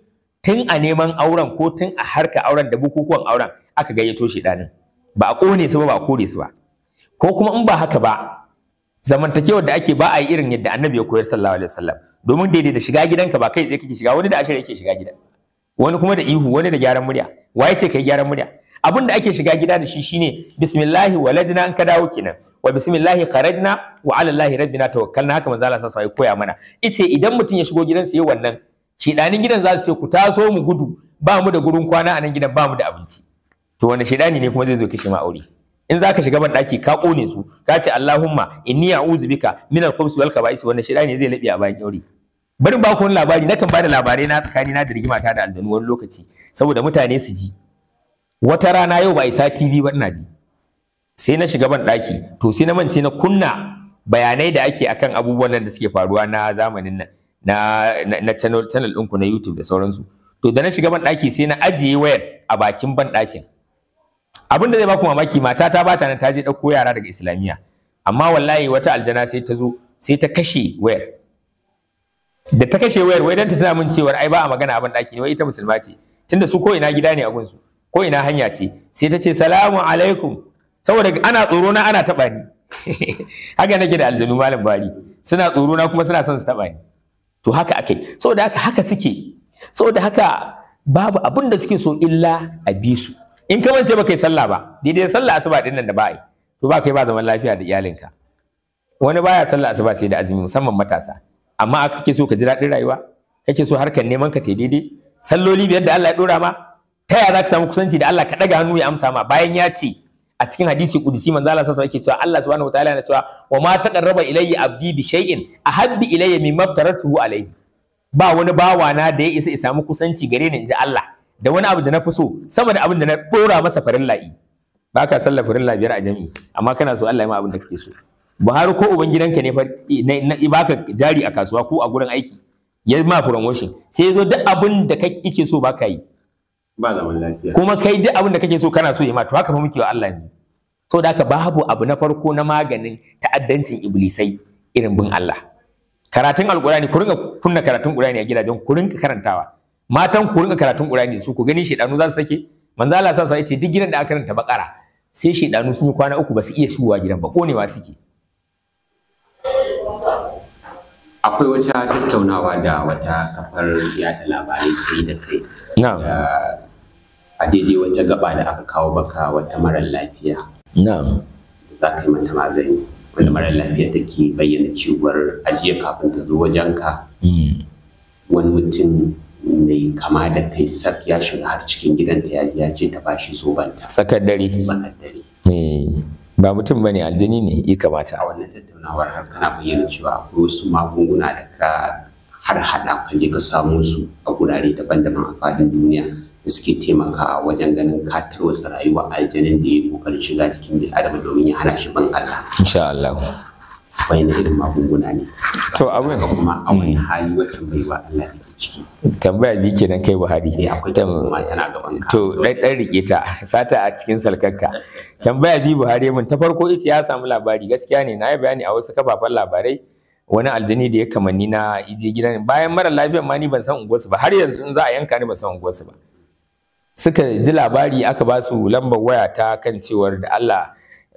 tun a neman auren ko tun a harka auren da bukukuwan auren aka gayyato shedanin ba a kone su ba ba a kore su ba ko kuma in ba haka ba zamantakewar da ake ba a yi irin yadda annabi ya koyar sallallahu alaihi wasallam domin daidai da shiga gidanka ba kai tsaye kake shiga wani da ashir yake shiga gidan wani kuma da ihu wani da gyaran murya waye ce kai gyaran murya abin da ake shiga gida da shi shine bismillahi walajna an ka dawo kenan wa bismillahi kharajna wa ala allahi rabbina tawakkalna haka manzo Allah sallallahu alaihi koya mana ice idan mutum ya shigo gidan sai wannan shedanin gidan za su ce ku taso mu gudu ba mu da gurin kwana a nan gidan ba mu da abinci to wani shedani ne kuma zai zo kishi ma aure in za ka shiga ban daki ka kone su ka ce Allahumma inni a'udhu bika min al-khubsi wal kaba'is wannan da ne zai labi a bayan yauri bari ba ku wani labari nakan ba da labarai na tsakani na da rigima ta da aljanu wani lokaci saboda mutane su ji wata rana yau ba isa TV ba ina ji sai na shiga ban daki to sai na mance na kunna bayanai da ake akan abubuwan nan da suke faruwa na zamanin nan na na channel channel ɗinku na YouTube da sauransu to da na shiga ban daki sai na ajiye wayar a bakin ban dakin abinda zai baku mamaki mata ta bata nan ta je ɗauko yara daga islamiyya amma wallahi wata aljana sai ta zo sai ta kashe wayar da ta kashe wayar wai dan ta tana mun cewa ai ba a magana abin daki ne wai ita musulma ce tunda su ko ina gida ne a gunsu ko ina hanya ce sai ta ce salamu alaikum saboda ana tsoro na ana taɓa ni haka nake da aljanu malam bari suna tsoro na kuma suna son su taɓa ni to haka akai saboda haka haka suke saboda haka babu abin da suke so illa a bi su in ka mance baka yi sallah ba daidai sallah asuba din nan da ba yi to ba kai ba zaman lafiya da iyalinka wani baya sallah asuba sai da azumi musamman matasa amma aka kake so ka ji daɗin rayuwa kake so harkar neman ka ta daidai salloli biyar da Allah ya dora ma ta yaya za samu kusanci da Allah ka ɗaga hannu ya amsa ma bayan ya ce a cikin hadisi kudisi manzo Allah sallallahu alaihi cewa Allah subhanahu wataala yana cewa wa ma taqarraba ilayya abdi bi shay'in ahabbi ilayya mimma aftaratuhu alayhi ba wani bawana da ya isa ya samu kusanci gare ni inji Allah da wani abu da na fi so sama da abin da na ɗora masa farin la'i ba ka sallar farin labiyar biyar a jami'i amma kana so Allah ya ma abin da kake so Buhari ko uban gidanka ne ba ka jari a kasuwa ko a gurin aiki ya ma furan washin sai ya zo duk abin da kake so ba ka yi ba zaman lafiya kuma kai duk abin da kake so kana so ya ma to haka fa muke wa Allah yanzu saboda haka babu abu na farko na maganin ta'addancin iblisai irin bin Allah karatun alkurani ku ringa kunna karatun qur'ani a gidajen ku ringa karantawa matan ku rinka karatun Qur'ani su ku gani shedanu za su sake manzo Allah sa sa yace duk gidan da aka karanta bakara sai shedanu sun yi kwana uku ba su iya shigowa gidan ba konewa suke akwai wata tattaunawa da wata kafar yada labarai ta yi da kai a daidai wata gaba da aka kawo baka wata marar lafiya na'am za ka yi mata magani wani marar lafiya take bayyana cewar ajiye kafin ta zo wajenka hmm. wani mutum mai kama da kai ya shiga har cikin gidanta ya ya ce ta bashi zobanta sakar dare sakar dare eh, ba mutum bane aljini ne ya kamata a wannan tattaunawar har kana bayyana cewa akwai wasu magunguna da ka har hada ka je ka samu su a gurare daban-daban a fadin duniya da suke taimakawa wajen ganin ka tarwatsa rayuwar aljanin da ya kokarin shiga cikin bil'adama domin ya hana shi ban Allah insha Allah wani irin magunguna ne to abin kuma a wani hali wata ba Allah ne ciki tambaya bi kenan kai Buhari eh akwai tambaya tana gaban ka to dan dan rike ta sata a cikin salkarka tambaya bi Buhari mun ta farko ita ya samu labari gaskiya ne na yi bayani a wasu kafafen labarai wani aljani da ya kamanni na ije gidan bayan mara lafiyar ma ni ban san unguwarsu ba har yanzu in za a yanka ni ban san unguwarsu ba suka ji labari aka ba su lambar waya ta kan cewar da Allah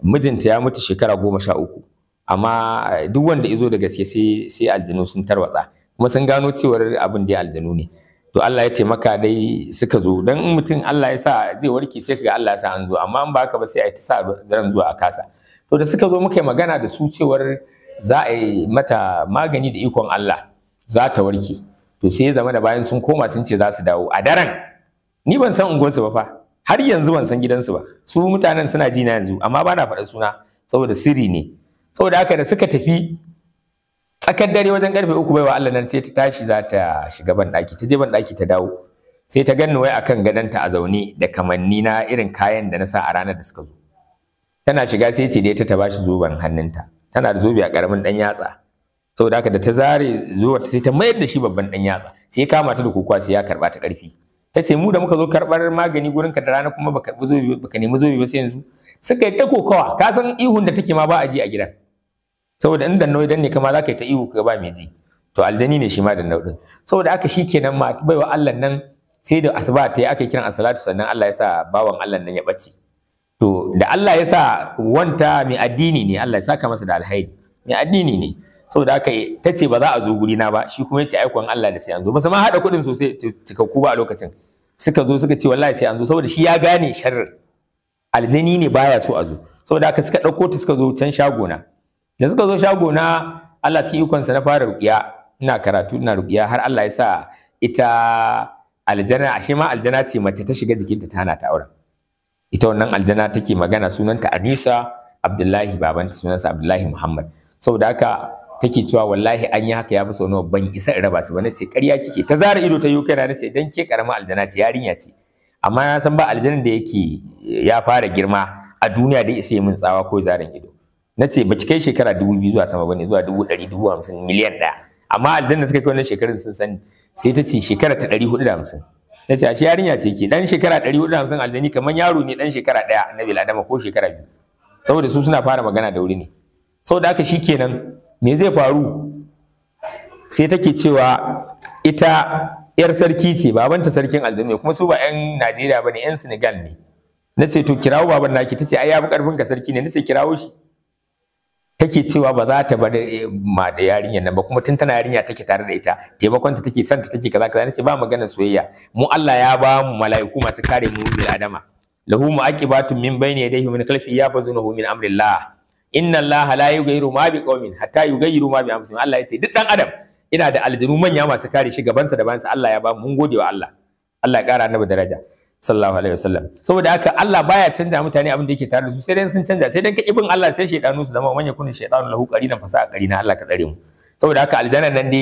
mijinta ya mutu shekara goma sha uku amma eh, duk wanda zo da gaske sai aljanu sun tarwatsa kuma sun gano cewar abin da aljanu ne to Allah ya taimaka dai suka zo dan in mutum Allah ya sa zai warke sai kaga Allah ya sa an zo amma in ba ba sai a ta sa zan zuwa a kasa to da suka zo muka yi magana da su cewar za a yi mata magani da ikon Allah za ta warke to sai ya zama da bayan sun koma sun ce za su dawo a daren ni ban san unguwarsu ba fa har yanzu ban san gidansu ba su mutanen suna ji na yanzu amma ba na faɗa suna saboda sirri ne saboda haka da suka tafi tsakar dare wajen karfe uku baiwa Allah nan sai ta tashi za ta shiga ban daki ta je ban daki ta dawo sai ta ganni wai akan gadonta a zaune da kamanni na irin kayan da na sa a ranar da suka zo tana shiga sai ce dai ta ta bashi zoben hannunta tana da zobe a karamin dan yatsa saboda haka da ta zare zuwa sai ta mayar da shi babban dan yatsa sai kama ta da kokowa sai ya karba ta karfi ta ce mu da muka zo karbar magani gurin ka da rana kuma baka nemi zobe ba sai yanzu suka yi ta kokowa ka san ihun da take ma ba a ji a gidan saboda in danno dan ne kama za ka yi ta ihu ka ba mai ji to aljani ne shi ma da nau'in. saboda aka shi kenan ma wa Allah nan sai da asuba ta yi aka kiran asalatu sannan Allah ya sa bawan Allah nan ya bace to da Allah ya sa wanta mai addini ne Allah ya saka masa da alhaini mai addini ne saboda yi ta ce ba za a zo guri na ba shi kuma ya ce aikon Allah da sai an zo ba ma haɗa kuɗin sosai cikakku ba a lokacin suka zo suka ce wallahi sai an zo saboda shi ya gane sharri aljani ne baya so a zo saboda haka suka ɗauko ta suka zo can na. da suka zo shago na Allah cikin ikonsa na fara rukiya ina karatu ina rukiya har Allah ya sa ita aljana ashe ma aljana ce mace ta shiga jikinta ta hana ta auren ita wannan aljana take magana sunanta Anisa Abdullahi babanta sunansa Abdullahi Muhammad saboda haka take cewa wallahi an yi haka ya fi nawa ban isa in raba su ba nace ƙarya kike ta zara ido ta yi na nace dan ke karamin aljana ce yarinya ce amma na san ba aljanin da yake ya fara girma a duniya da isa mun tsawa ko zaren ido na ce ba kai shekara dubu biyu zuwa sama bane zuwa dubu ɗari dubu hamsin miliyan ɗaya amma aljanna suka kai wannan shekarun sun sani sai ta ce shekara ta ɗari hudu da hamsin ta ce ashe yarinya ce ke ɗan shekara ɗari hudu da hamsin aljani kamar yaro ne ɗan shekara ɗaya na biladama ko shekara biyu saboda su suna fara magana da wuri ne saboda haka shi kenan me zai faru sai take cewa ita yar sarki ce babanta sarkin aljanu ne kuma su ba 'yan najeriya ba ne 'yan senegal ne na ce to kirawo baban naki ta ce ai ya fi karfin ka sarki ne na ce kirawo shi take cewa ba za ta bar eh, ma da yarinyar nan ba kuma tun tana yarinya take tare da ita taimakon ta take son ta take kaza kaza nace ba magana soyayya mu Allah ya ba mu mala'iku masu kare mu bil adama lahu mu'aqibatun min bayni yadayhi min khalfi yafazunahu min amrillah inna Allah la yughayyiru ma biqaumin hatta yughayyiru ma bi anfusihim Allah yace duk dan adam ina da aljinu manya masu kare shi gabansa da sa Allah ya ba mu mun gode wa Allah Allah ya kara annabi daraja sallallahu alaihi wasallam saboda haka Allah baya canja mutane abin da yake tare da su sai dai sun canja sai dan ka ibin Allah sai shaydanu su zama manya kunin shaydanu lahu qarina fasa qarina Allah ka tsare mu saboda haka aljanna nan ne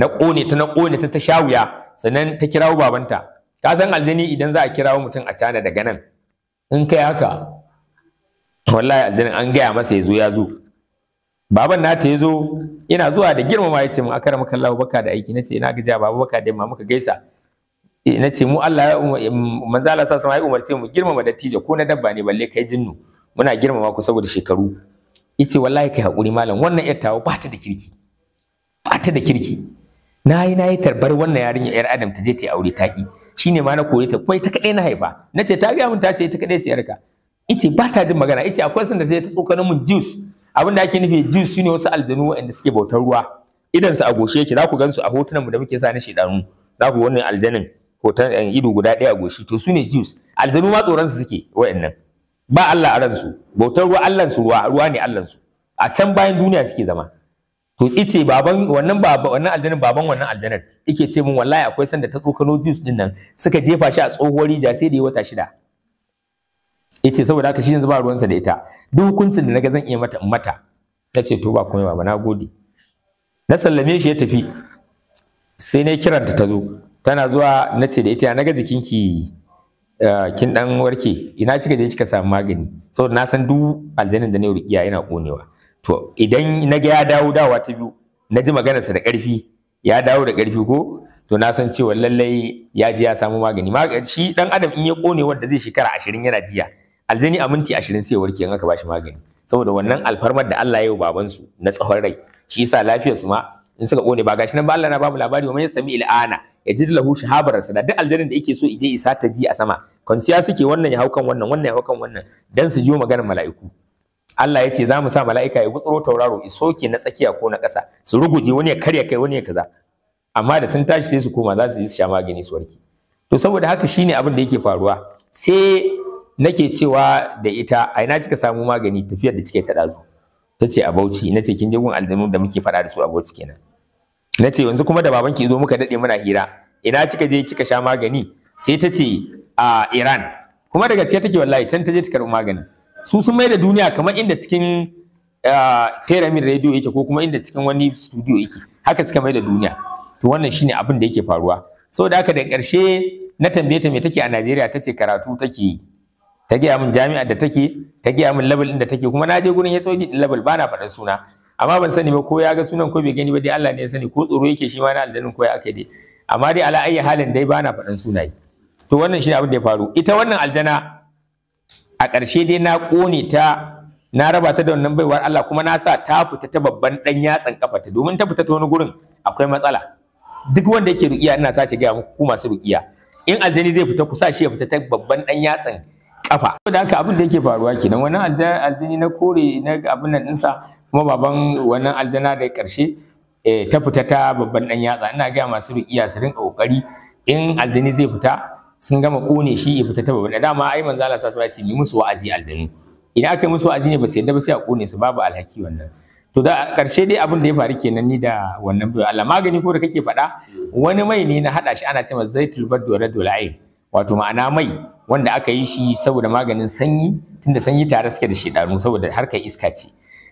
na kone ta na kone ta ta shawuya sannan ta kirawo babanta ka san aljani idan za a kirawo mutum a cana daga nan in kai haka wallahi aljanin an gaya masa ya zo ya zo baban nata ya zo ina zuwa da girmama ya ce mun akara maka Allah baka da aiki nace ina gaja babu baka da mama ka gaisa na ce mu Allah manzo Allah sa sama ya umarce mu girmama dattijo ko na dabba ne balle kai jinnu muna girmama ku saboda shekaru yace wallahi kai hakuri malam wannan yar tawo ba ta da kirki ba ta da kirki nayi nayi tarbar wannan yarinya yar Adam ta je ta aure ta ki shine ma na kore ta kai ta kadai na haifa nace ta ga mun ta ce ta kadai ce yarka yace ba ta jin magana yace akwai sanda zai ta tsokanin mun juice abin da ake nufi juice shine wasu aljanu wanda suke bautar ruwa idan su a goshe yake za ku gansu a hotunan mu da muke sa na shedanu za ku wannan aljanin hoton eh, ido guda ɗaya a goshi to su ne Jews aljanu ma tsoron su suke wa'annan ba Allah a ransu bautar ruwa Allah su ruwa ruwa ne Allah su a can bayan duniya suke zama to ice baban wannan baba wannan aljanin baban wannan aljanar yake ce min wallahi akwai sanda ta tsokano Jews din nan suka jefa shi a tsohuwar rija sai da ya wata shida yace saboda haka shi yanzu ba ruwansa da ita duk hukuncin da naga zan iya mata mata tace to ba komai baba na gode na sallame shi ya tafi sai na kiranta ta zo tana zuwa na ce da ita na ga ki eh, kin dan warke ina kika je kika samu magani so na san duk aljanin da na yi rukiya ina konewa to idan na ga ya dawo dawa ta biyu na ji maganarsa da karfi ya dawo da karfi ko to na san cewa lallai ya ji ya samu magani shi dan adam in ya kone wanda zai shekara ashirin yana jiya aljani a minti ashirin sai warke in aka ba shi magani saboda wannan alfarmar da Allah ya yi babansu na tsawon rai shi yasa su ma in suka kone ba gashi nan ba Allah na babu labari wa man yastami il'ana yajid lahu shahabar da duk aljarin da yake so ije isa ta ji a sama kwanciya suke wannan ya haukan wannan wannan ya haukan wannan dan su jiyo maganar mala'iku Allah ya ce za mu sa mala'ika ya gutsuro tauraro isoke na tsakiya ko na ƙasa su ruguje wani ya karya kai wani ya kaza amma da sun tashi sai su koma za su yi su sha magani su warke to saboda haka shine abin da yake faruwa sai nake cewa da ita a ina kika samu magani tafiyar da kike ta dazu ta a Bauchi na ce kin je gun aljanu da muke faɗa da su a Bauchi kenan na ce yanzu kuma da babanki zo muka daɗe muna hira ina kika je kika sha magani sai tace a Iran kuma daga sai take wallahi can ta je ta karbi magani su sun mai da duniya kamar inda cikin pyramid radio yake ko kuma inda cikin wani studio yake haka suka mai da duniya to wannan shine abin da yake faruwa saboda haka da karshe na tambaye ta me take a Najeriya tace karatu take yi ta gaya min jami'ar da take ta gaya min level din da take kuma na je gurin HOD din level ba na faɗar suna amma ban sani ba ko ya ga sunan ko bai gani ba dai Allah ne ya sani ko tsoro yake shi ma na aljannin ko ya aka dai amma dai ala ayyi halin dai ba na faɗan sunaye to wannan shi abin da ya faru ita wannan aljana a ƙarshe dai na ƙone ta na raba ta da wannan baiwar Allah kuma na sa ta fita ta babban dan yatsan ƙafata. domin ta fita ta wani gurin akwai matsala duk wanda yake ruƙiya ina sace gaya muku ku masu rukiya in aljani zai fita ku sa shi ya fita ta babban dan yatsan kafa da haka abin da yake faruwa kenan wannan aljini na kore na abin nan ɗinsa kuma baban wannan aljana da ƙarshe eh, ta fita ta babban ɗan yatsa ina ga masu ruƙiya su rinka ƙoƙari in aljini zai fita sun gama ƙone shi ya fita ta babban dama ai manzo Allah sallallahu alaihi wasallam ya musu wa'azi aljini idan aka yi musu wa'azi ne ba su yadda ba sai a ƙone su babu alhaki wannan to da ƙarshe dai abin da ya faru kenan ni da wannan bai Allah magani ko da kake faɗa wani mai ne na haɗa shi ana cewa zaitul badu radul ain wato ma'ana mai wanda aka yi shi saboda maganin sanyi tunda sanyi tare suke da shedaru saboda harkar iska ce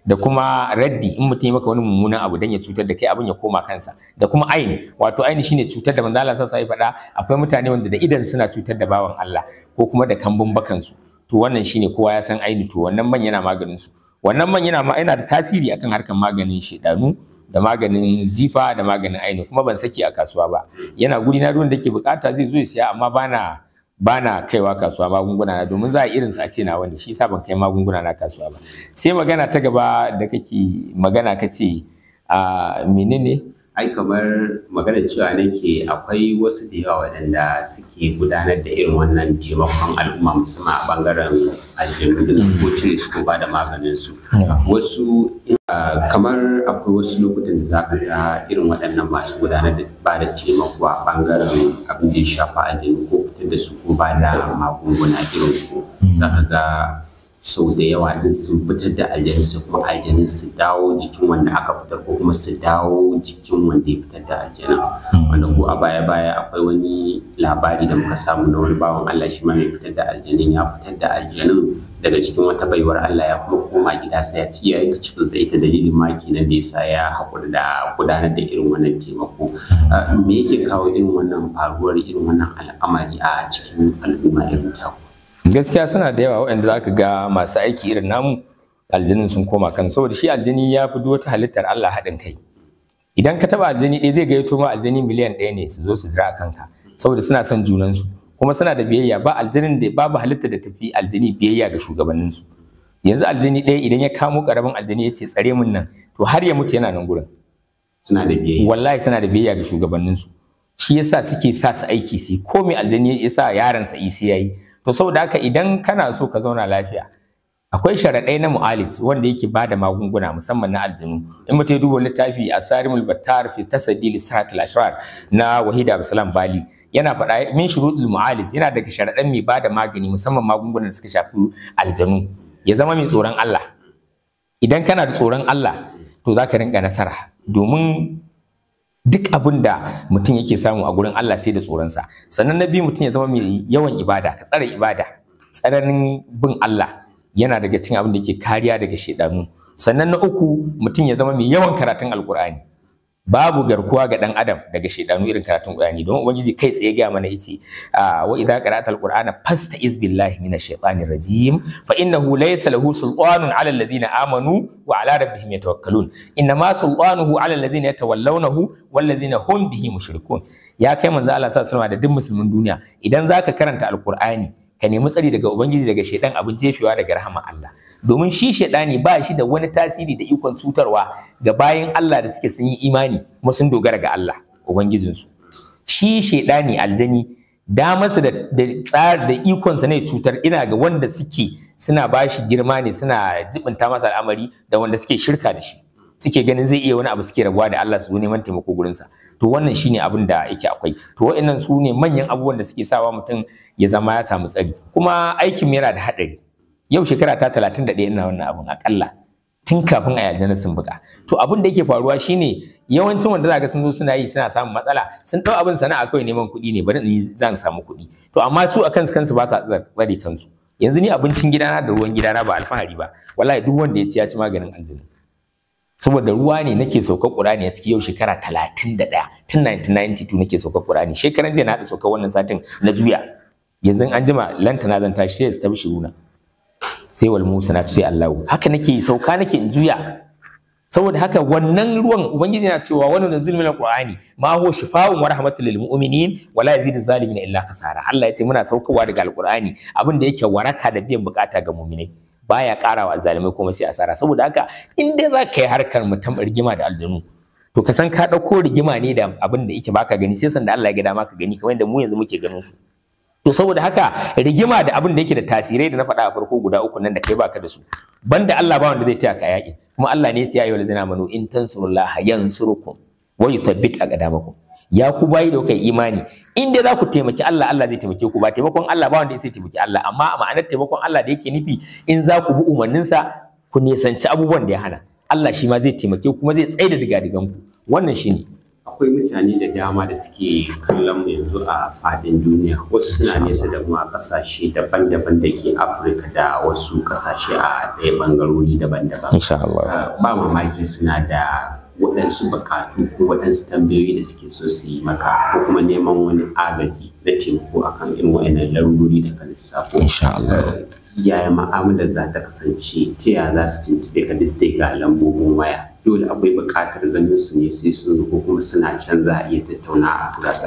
da kuma raddi in mutum ya maka wani mummunan abu dan ya cutar da kai abin ya koma kansa da kuma ain wato aini shine cutar da manzo Allah sai faɗa akwai mutane wanda da idan suna cutar da bawan Allah ko kuma da kambun bakan su to wannan shine kowa ya san aini to wannan man yana maganin su wannan man yana yana da tasiri akan harkar maganin shedanu da maganin jifa da maganin aini kuma ban saki a kasuwa ba yana guri na ruwan da ke bukata zai zo ya siya amma bana ba na kaiwa kasuwa magunguna na domin za a irin su a ce na wanda shi sa ban kai magunguna na kasuwa ba sai magana ta gaba da kake magana kace a ah, menene ai kamar magana cewa nake akwai wasu da yawa waɗanda suke gudanar da irin wannan taimakon al'umma musamman a ɓangaren aljanu da ko cire su ko ba da maganin su wasu kamar akwai wasu lokutan da zaka ga irin waɗannan masu gudanar da ba da taimako a ɓangaren abin da ya shafa aljanu ko fitar da su ko ba da magunguna irin ko zaka ga sau da yawa din sun fitar da aljaninsu kuma aljanin su dawo jikin wanda aka fitar ko kuma su dawo jikin wanda ya fitar da aljanin wanda ko a baya baya akwai wani labari da muka samu na wani bawan Allah shi ma mai fitar da aljanin ya fitar da aljanin daga cikin wata baiwar Allah ya kuma koma gida sai ya ci ya yi cikin da ita dalilin ma kenan da yasa ya haƙura da gudanar da irin wannan taimako ah, me yake kawo irin wannan faruwar irin wannan al'amari a cikin al'umma irin taku gaskiya suna da yawa waɗanda za ka ga masu aiki irin namu aljinin sun koma kan saboda shi aljini ya fi duwata halittar Allah haɗin kai idan ka taɓa aljini ɗaya zai gaito ma aljini miliyan ɗaya ne su zo su dira kanka saboda suna son junansu kuma suna da biyayya ba aljinin da babu halitta da tafi aljini biyayya ga shugabanninsu yanzu aljini ɗaya idan ya kamo ƙaramin aljini ya ce tsare min nan to har ya mutu yana nan gurin suna da biyayya wallahi suna da biyayya ga shugabanninsu shi yasa suke sa su aiki su ko me aljini ya sa isi yayi to sau da haka idan kana so ka zauna lafiya akwai sharaɗai na mu'alij wanda yake ba da magunguna musamman na aljanu. in mutum duba littafi a asarimul battar fi ta sadi al na wahida absalam bali yana faɗa min shurudul mu'alij yana daga sharaɗan mai ba da magani musamman magungunan da suka shafi aljanu ya zama mai tsoron Allah idan kana da tsoron Allah to zaka rinka nasara domin duk abin da mutum yake samu a gurin Allah sai da tsoronsa sannan na biyu mutum ya zama mai yawan ibada ka tsare ibada tsananin bin Allah yana daga cikin abin da yake kariya daga shedanu sannan na uku mutum ya zama mai yawan karatun alkur'ani babu garkuwa ga dan adam daga shedanu irin karatun Qur'ani don ubangiji kai tsaye ga mana yace ah, wa idza qara'atal qur'ana iz billahi minash shaitanir rajim fa innahu laysa lahu sultanun 'ala alladhina amanu wa 'ala rabbihim "Inna ma sultanuhu 'ala alladhina yatawallawnahu na hum bihi mushrikun ya kai manzo Allah sallallahu alaihi da duk musulmin duniya idan zaka karanta alqur'ani ka nemi tsari daga ubangiji daga shedan abin jefewa daga rahama Allah domin shi shaidani ba shi da wani tasiri da ikon cutarwa ga bayan Allah da suke sun yi imani kuma sun dogara ga Allah ubangijinsu shi shaidani aljani damarsa da tsar da ikonsa ne cutar ina ga wanda suke suna ba shi girma ne suna jibinta masa al'amari da wanda suke shirka da shi suke ganin zai iya wani abu suke rabuwa da Allah su zo neman taimako gurinsa to wannan shine abin da yake akwai to wa'annan su ne manyan abubuwan da suke sawa mutum ya zama ya samu tsari kuma aikin yana da haɗari yau shekara ta talatin da ɗaya ina wannan abun akalla tun kafin a yadda na sun buga to abin da yake faruwa shine yawancin wanda zaka sun zo suna yi suna samun matsala sun dau abin sana'a kawai neman kuɗi ne bari ni zan samu kuɗi to amma su akan kansu ba sa tsare kansu yanzu ni abincin gidana da ruwan gidana ba alfahari ba wallahi duk wanda ya ci ya ci maganin anjima saboda ruwa ne nake sauka Qur'ani a cikin yau shekara 31 tun 1992 nake sauka Qur'ani shekaran jiya na da sauka wannan satin na juya yanzu anjima jima lantana zan tashi sai ta bi shiruna sai wal musanat sai Allahu haka nake sauka nake in juya saboda haka wannan ruwan ubangiji yana cewa wani nazil min alqur'ani ma huwa shifa'un wa rahmatul lil mu'minin wa la yazidu zalimin illa khasara Allah ya ce muna saukowa daga alqur'ani abin da yake waraka da biyan bukata ga mu'minai baya karawa zalimai kuma sai asara saboda haka in dai za ka yi harkar mutum rigima da aljanu to ka san ka ɗauko rigima ne da abin da yake baka gani sai san da Allah ya ga dama ka gani kamar yadda mu yanzu muke ganin su to saboda haka rigima da abin da yake da tasirai da na faɗa a farko guda uku nan da kai baka da su banda Allah ba wanda zai taya ka yaƙi kuma Allah ne ya tsaya yau zina manu in tansurullaha yansurukum wa yuthabbit aqdamakum ya ku bayi da kai imani in da za ku taimaki Allah Allah zai taimake ku ba taimakon Allah ba wanda zai taimaki Allah amma a ma'anar taimakon Allah da yake nufi in za ku bi umarninsa ku nisanci abubuwan da ya hana Allah shi ma zai taimake ku kuma zai tsaida daga digan ku wannan shine akwai mutane da dama da suke kallon mu yanzu a fadin duniya wasu suna nesa da mu a kasashe daban-daban da ke afirka da wasu kasashe a ɗaya bangarori daban-daban ah, ba mamaki suna da waɗansu bukatu ko waɗansu tambayoyi da suke so su yi maka ko kuma neman wani agaji na taimako akan irin wa'annan larurori da ka lissafo ah, yaya ma'amalar za ta kasance ta yaya za su tuntuɓe ka duk ga lambobin waya dole akwai buƙatar ganin su ne sai sun ko kuma suna can za a iya tattauna a tura su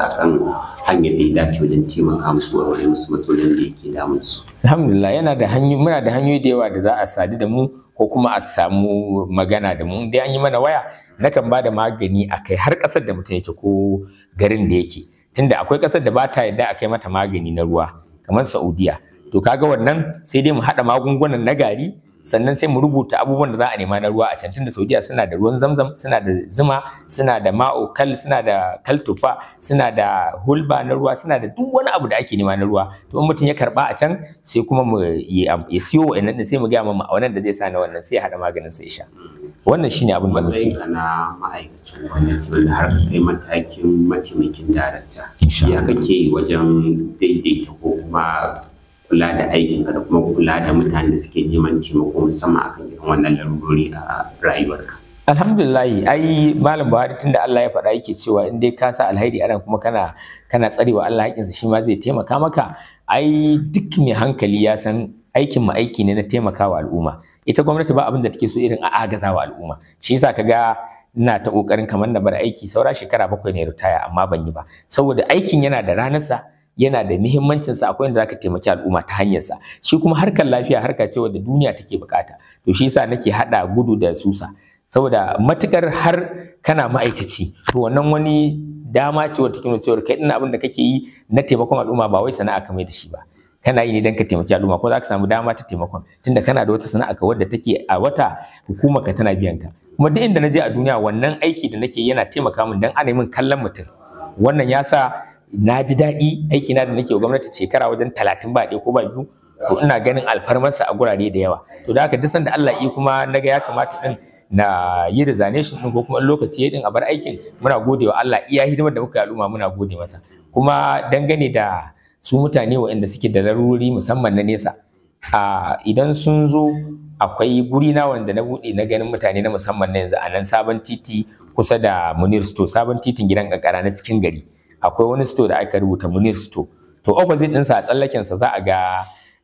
hanyar da ya dace wajen taimaka musu warware musu matsalolin da yake damun su. Alhamdulillah yana da hanyoyi muna da hanyoyi da yawa da za a sadu da mu ko kuma a samu magana da mu dai an yi mana waya nakan ba da magani a kai har ƙasar da mutum yake ko garin da yake tunda akwai ƙasar da ba ta yadda a kai mata magani na ruwa kamar Saudiya to kaga wannan sai dai mu haɗa magungunan na gari sannan sai mu rubuta abubuwan da za a nema na ruwa a can tunda Saudiya suna da ruwan zamzam suna da zuma suna da ma'o kal suna da kaltufa suna da hulba na ruwa suna da duk wani abu da ake nema na ruwa to in mutum ya karba a can sai kuma mu ya siyo wa'annan din sai mu gaya ma ma'aunan da zai sa na wannan sai ya haɗa maganin sai sha wannan shine abin da zai na ma'aikacin gwamnati wanda har kai matakin mataimakin darakta ya kake wajen daidaita ko kuma kula da aikinka da kuma kula da mutanen da suke neman taimako musamman akan irin wannan larurori a rayuwarka alhamdulillahi ai malam buhari tunda Allah ya faɗa yake cewa in dai ka sa alheri ana kuma kana kana tsarewa Allah haƙinsa shi ma zai taimaka maka ai duk mai hankali ya san aikin aiki ne na taimakawa al'umma ita gwamnati ba abin da take so irin a agazawa al'umma shi yasa kaga ina ta kokarin kamar na bar aiki saura shekara bakwai ne ritaya amma ban yi ba saboda aikin yana da ranarsa yana da muhimmancin sa akwai inda zaka taimaki al'umma ta hanyar sa shi kuma harkar lafiya harka ce wadda duniya take bukata to shi yasa nake hada gudu da susa saboda matukar har kana ma'aikaci to wannan wani dama ce wadda take cewa kai din abin da kake yi na taimakon al'umma ba wai sana'a kamar da shi ba kana yi ne don ka taimaki al'umma ko za ka samu dama ta taimakon tunda kana da wata sana'a ka wadda take a wata hukumar ka tana biyan ka kuma duk inda na je a duniya wannan aiki da nake yana taimaka min dan ana min kallon mutum wannan yasa na ji daɗi aikina da nake wa gwamnati shekara wajen talatin ba ɗaya ko ba biyu ko ina ganin alfarmarsa a gurare da yawa to da haka duk sanda Allah yi kuma naga ya kamata din na yi resignation din ko kuma in lokaci ya din a bar aikin muna gode wa Allah iya hidimar da muka yi al'umma muna gode masa kuma dangane da su mutane waɗanda suke da larurori musamman na nesa a idan sun zo akwai guri na wanda na buɗe na ganin mutane na musamman na yanzu a nan sabon titi kusa da Munir Store sabon titin gidan kankara na cikin gari akwai wani store da aka rubuta munir store to opposite ɗinsa a tsallaken sa za a ga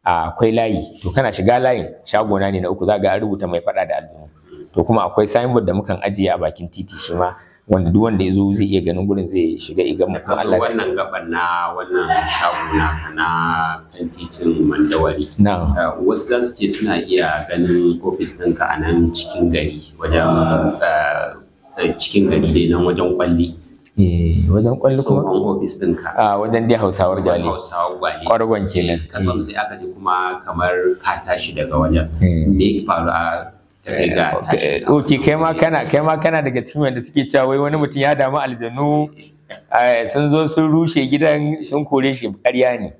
akwai layi to kana shiga layin shagona ne na uku za ga an rubuta mai faɗa da aljanu to kuma akwai signboard da mukan ajiye a bakin titi shi ma wanda duk wanda ya zai iya ganin gurin zai shiga igan mu Allah wannan gaban na wannan shago na kana kan titin Mandawari na wasu za su ce suna iya ganin office ɗinka a nan cikin gari wajen eh, cikin gari dai nan wajen kwalli Eh, wajen kwallo kuma? Tsohon ofis din ka. A ah, wajen dai Hausawar Gwale. Hausawar Gwale. Kwargon kenan. Kasam eh. sai aka ji kuma kamar ka tashi daga wajen. Eh. Me ya faru a Oke, kai ma kana kai ma kana daga cikin wanda suke cewa wai wani mutum ya damu aljanu sun zo sun rushe gidan sun kore shi ƙarya ne.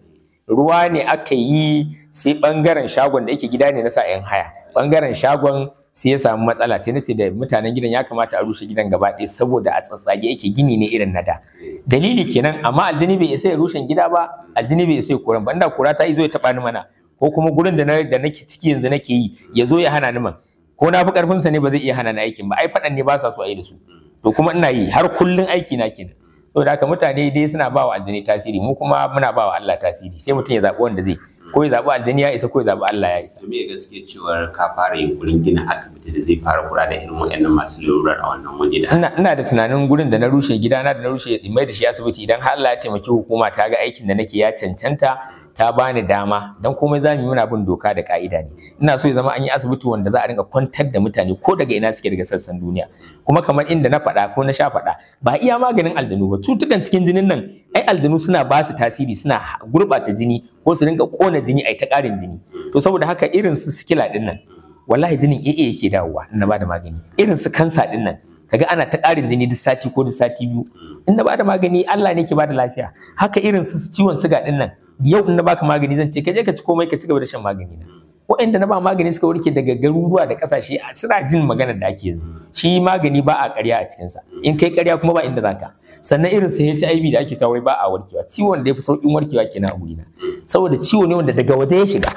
Ruwa ne aka yi sai ɓangaren shagon da yake gida ne na sa'yan haya. Ɓangaren shagon sai ya samu matsala sai na ce da mutanen gidan ya kamata a rushe gidan gaba ɗaya saboda a tsatsage yake gini ne irin na da dalili kenan amma aljini bai isa ya rushe gida ba aljini bai isa ya koran ba inda kora ta izo ya taba ni mana ko kuma gurin da da nake ciki yanzu nake yi ya zo ya hana ni man ko na fi karfin sa ne ba zai iya hana ni aikin ba ai faɗan ne ba sa so a yi da su to kuma ina yi har kullun aiki na kenan saboda haka mutane dai suna ba wa aljini tasiri mu kuma muna ba wa Allah tasiri sai mutum ya zaɓi wanda zai ko ya zaɓi aljani ya isa ko ya zaɓi Allah ya isa. Me gaske cewa ka fara yunkurin gina asibiti da zai fara kula da irin waɗannan masu lura a wannan waje da. Ina da tunanin gurin da na rushe gidana da na rushe mai da shi asibiti idan har Allah ya taimaki hukuma ta ga aikin da nake ya cancanta ta bani dama dan komai zamu yi muna bin doka da ka'ida ne ina so ya zama an yi asibiti wanda za a rinka kwantar da mutane ko daga ina suke daga sassan duniya kuma kamar inda na faɗa ko na sha faɗa ba iya maganin aljanu ba cutukan cikin jinin nan ai aljanu suna ba su tasiri suna gurɓata jini ko su rinka ƙona jini ai ta ƙarin jini to saboda haka irin su sikila din nan wallahi jinin AA yake dawowa ina ba da magani irin su kansa din nan kaga ana ta ƙarin jini duk sati ko duk sati biyu in na ba da magani Allah ne ke ba da lafiya haka irin su ciwon siga din nan yau in na baka magani zan ce ka je ka ci komai ka ci gaba da shan magani na waɗanda na ba magani suka warke daga garuruwa da kasashe suna jin maganar da ake yanzu shi magani ba a ƙarya a cikinsa in kai karya kuma ba inda zaka sannan irin sa HIV da ake tawai ba a warkewa ciwon da yafi saukin warkewa kenan a gurina saboda ciwo ne wanda daga waje ya shiga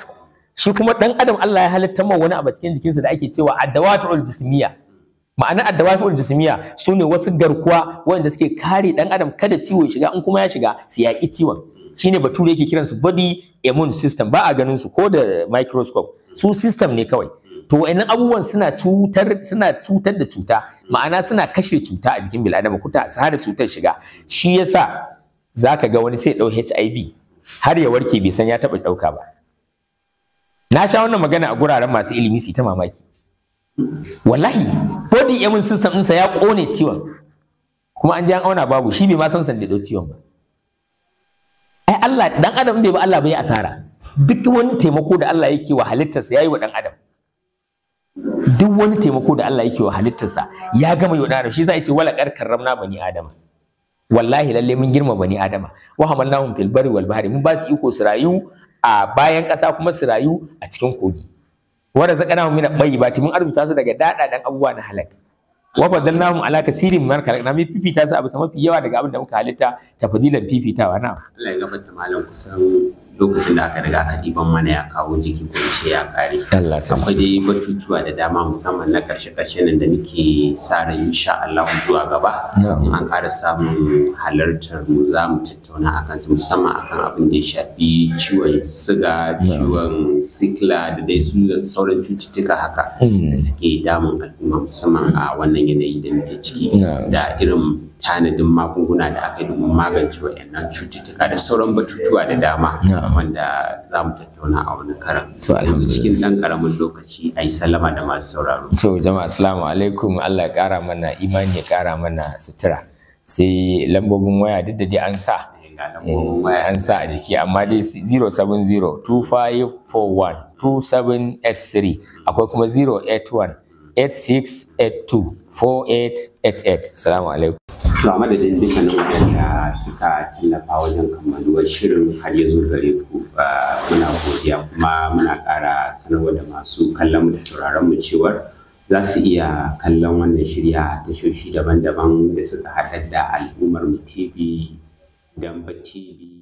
shi kuma dan adam Allah ya halitta man wani abu cikin jikinsa da ake cewa addawatul jismiya ma'ana addawatul jismiya sune wasu garkuwa wanda suke kare dan adam kada ciwo ya shiga in kuma ya shiga su yaki ciwon shine bature yake kiransu body immune system ba a ganin su ko da microscope su system ne kawai to wayannan abubuwan suna cutar suna cutar da cuta ma'ana suna kashe cuta a jikin bil'adama kuta su hana cutar shiga shi yasa zaka ga wani sai dau HIV har ya warke bai san ya taba dauka ba na sha wannan magana a guraren masu ilimi su ta mamaki wallahi body immune system ɗinsa ya kone ciwon kuma an ji an auna babu shi bai ma san san da ciwon ba Allah dan adam bai ba Allah bai asara duk wani taimako da Allah yake wa halittarsa yayi wa dan adam duk wani taimako da Allah yake wa halittarsa ya gama yau dan shi za yace wala karramna bani adama wallahi lalle mun girma bani adama wa hamalnahum fil bari wal bahri mun ba su iko su rayu a bayan ƙasa kuma su rayu a cikin kogi wa razaqnahum min at-tayyibati mun arzuta su daga dada dan abubuwa na halaka wa fadallahum ala kasirin mimman khalaqna mi fifita su abu mafi yawa daga abin da muka halitta tafdilan fifitawa na Allah ya gafarta malam kusan lokacin da aka riga aka diban mana ya kawo jiki ko ishe ya kare akwai dai batutuwa da dama musamman na karshe karshe nan da muke sa ran insha Allah zuwa gaba in an ƙara samun halartar mu za mu tattauna akan su musamman akan abin da ya shafi ciwon siga ciwon sikla da dai sauran cututtuka haka hmm. da suke damun al'umma musamman a wannan yanayi da muke ciki da irin tanadin magunguna da aka yi domin magance waɗannan cututtuka da sauran batutuwa da dama wanda za mu tattauna a wani karan yanzu cikin ɗan ƙaramin lokaci a yi sallama da masu sauraro. to jama'a assalamu alaikum allah ya ƙara mana imani ya ƙara mana sutura sai lambobin waya duk da dai an sa eh, eh, an sa a jiki amma dai 070-2541-2783 akwai kuma 081 8682 4888 salamu alaikum to a madadin dukkanin waɗanda suka tallafa wajen kammaluwar shirin har ya zo gare ku ah, muna godiya kuma muna kara sanarwar da masu kallon da sauraron mu cewar za su iya kallon wannan shirya tashoshi daban-daban da suka haɗar da al'ummar mu tv damba tv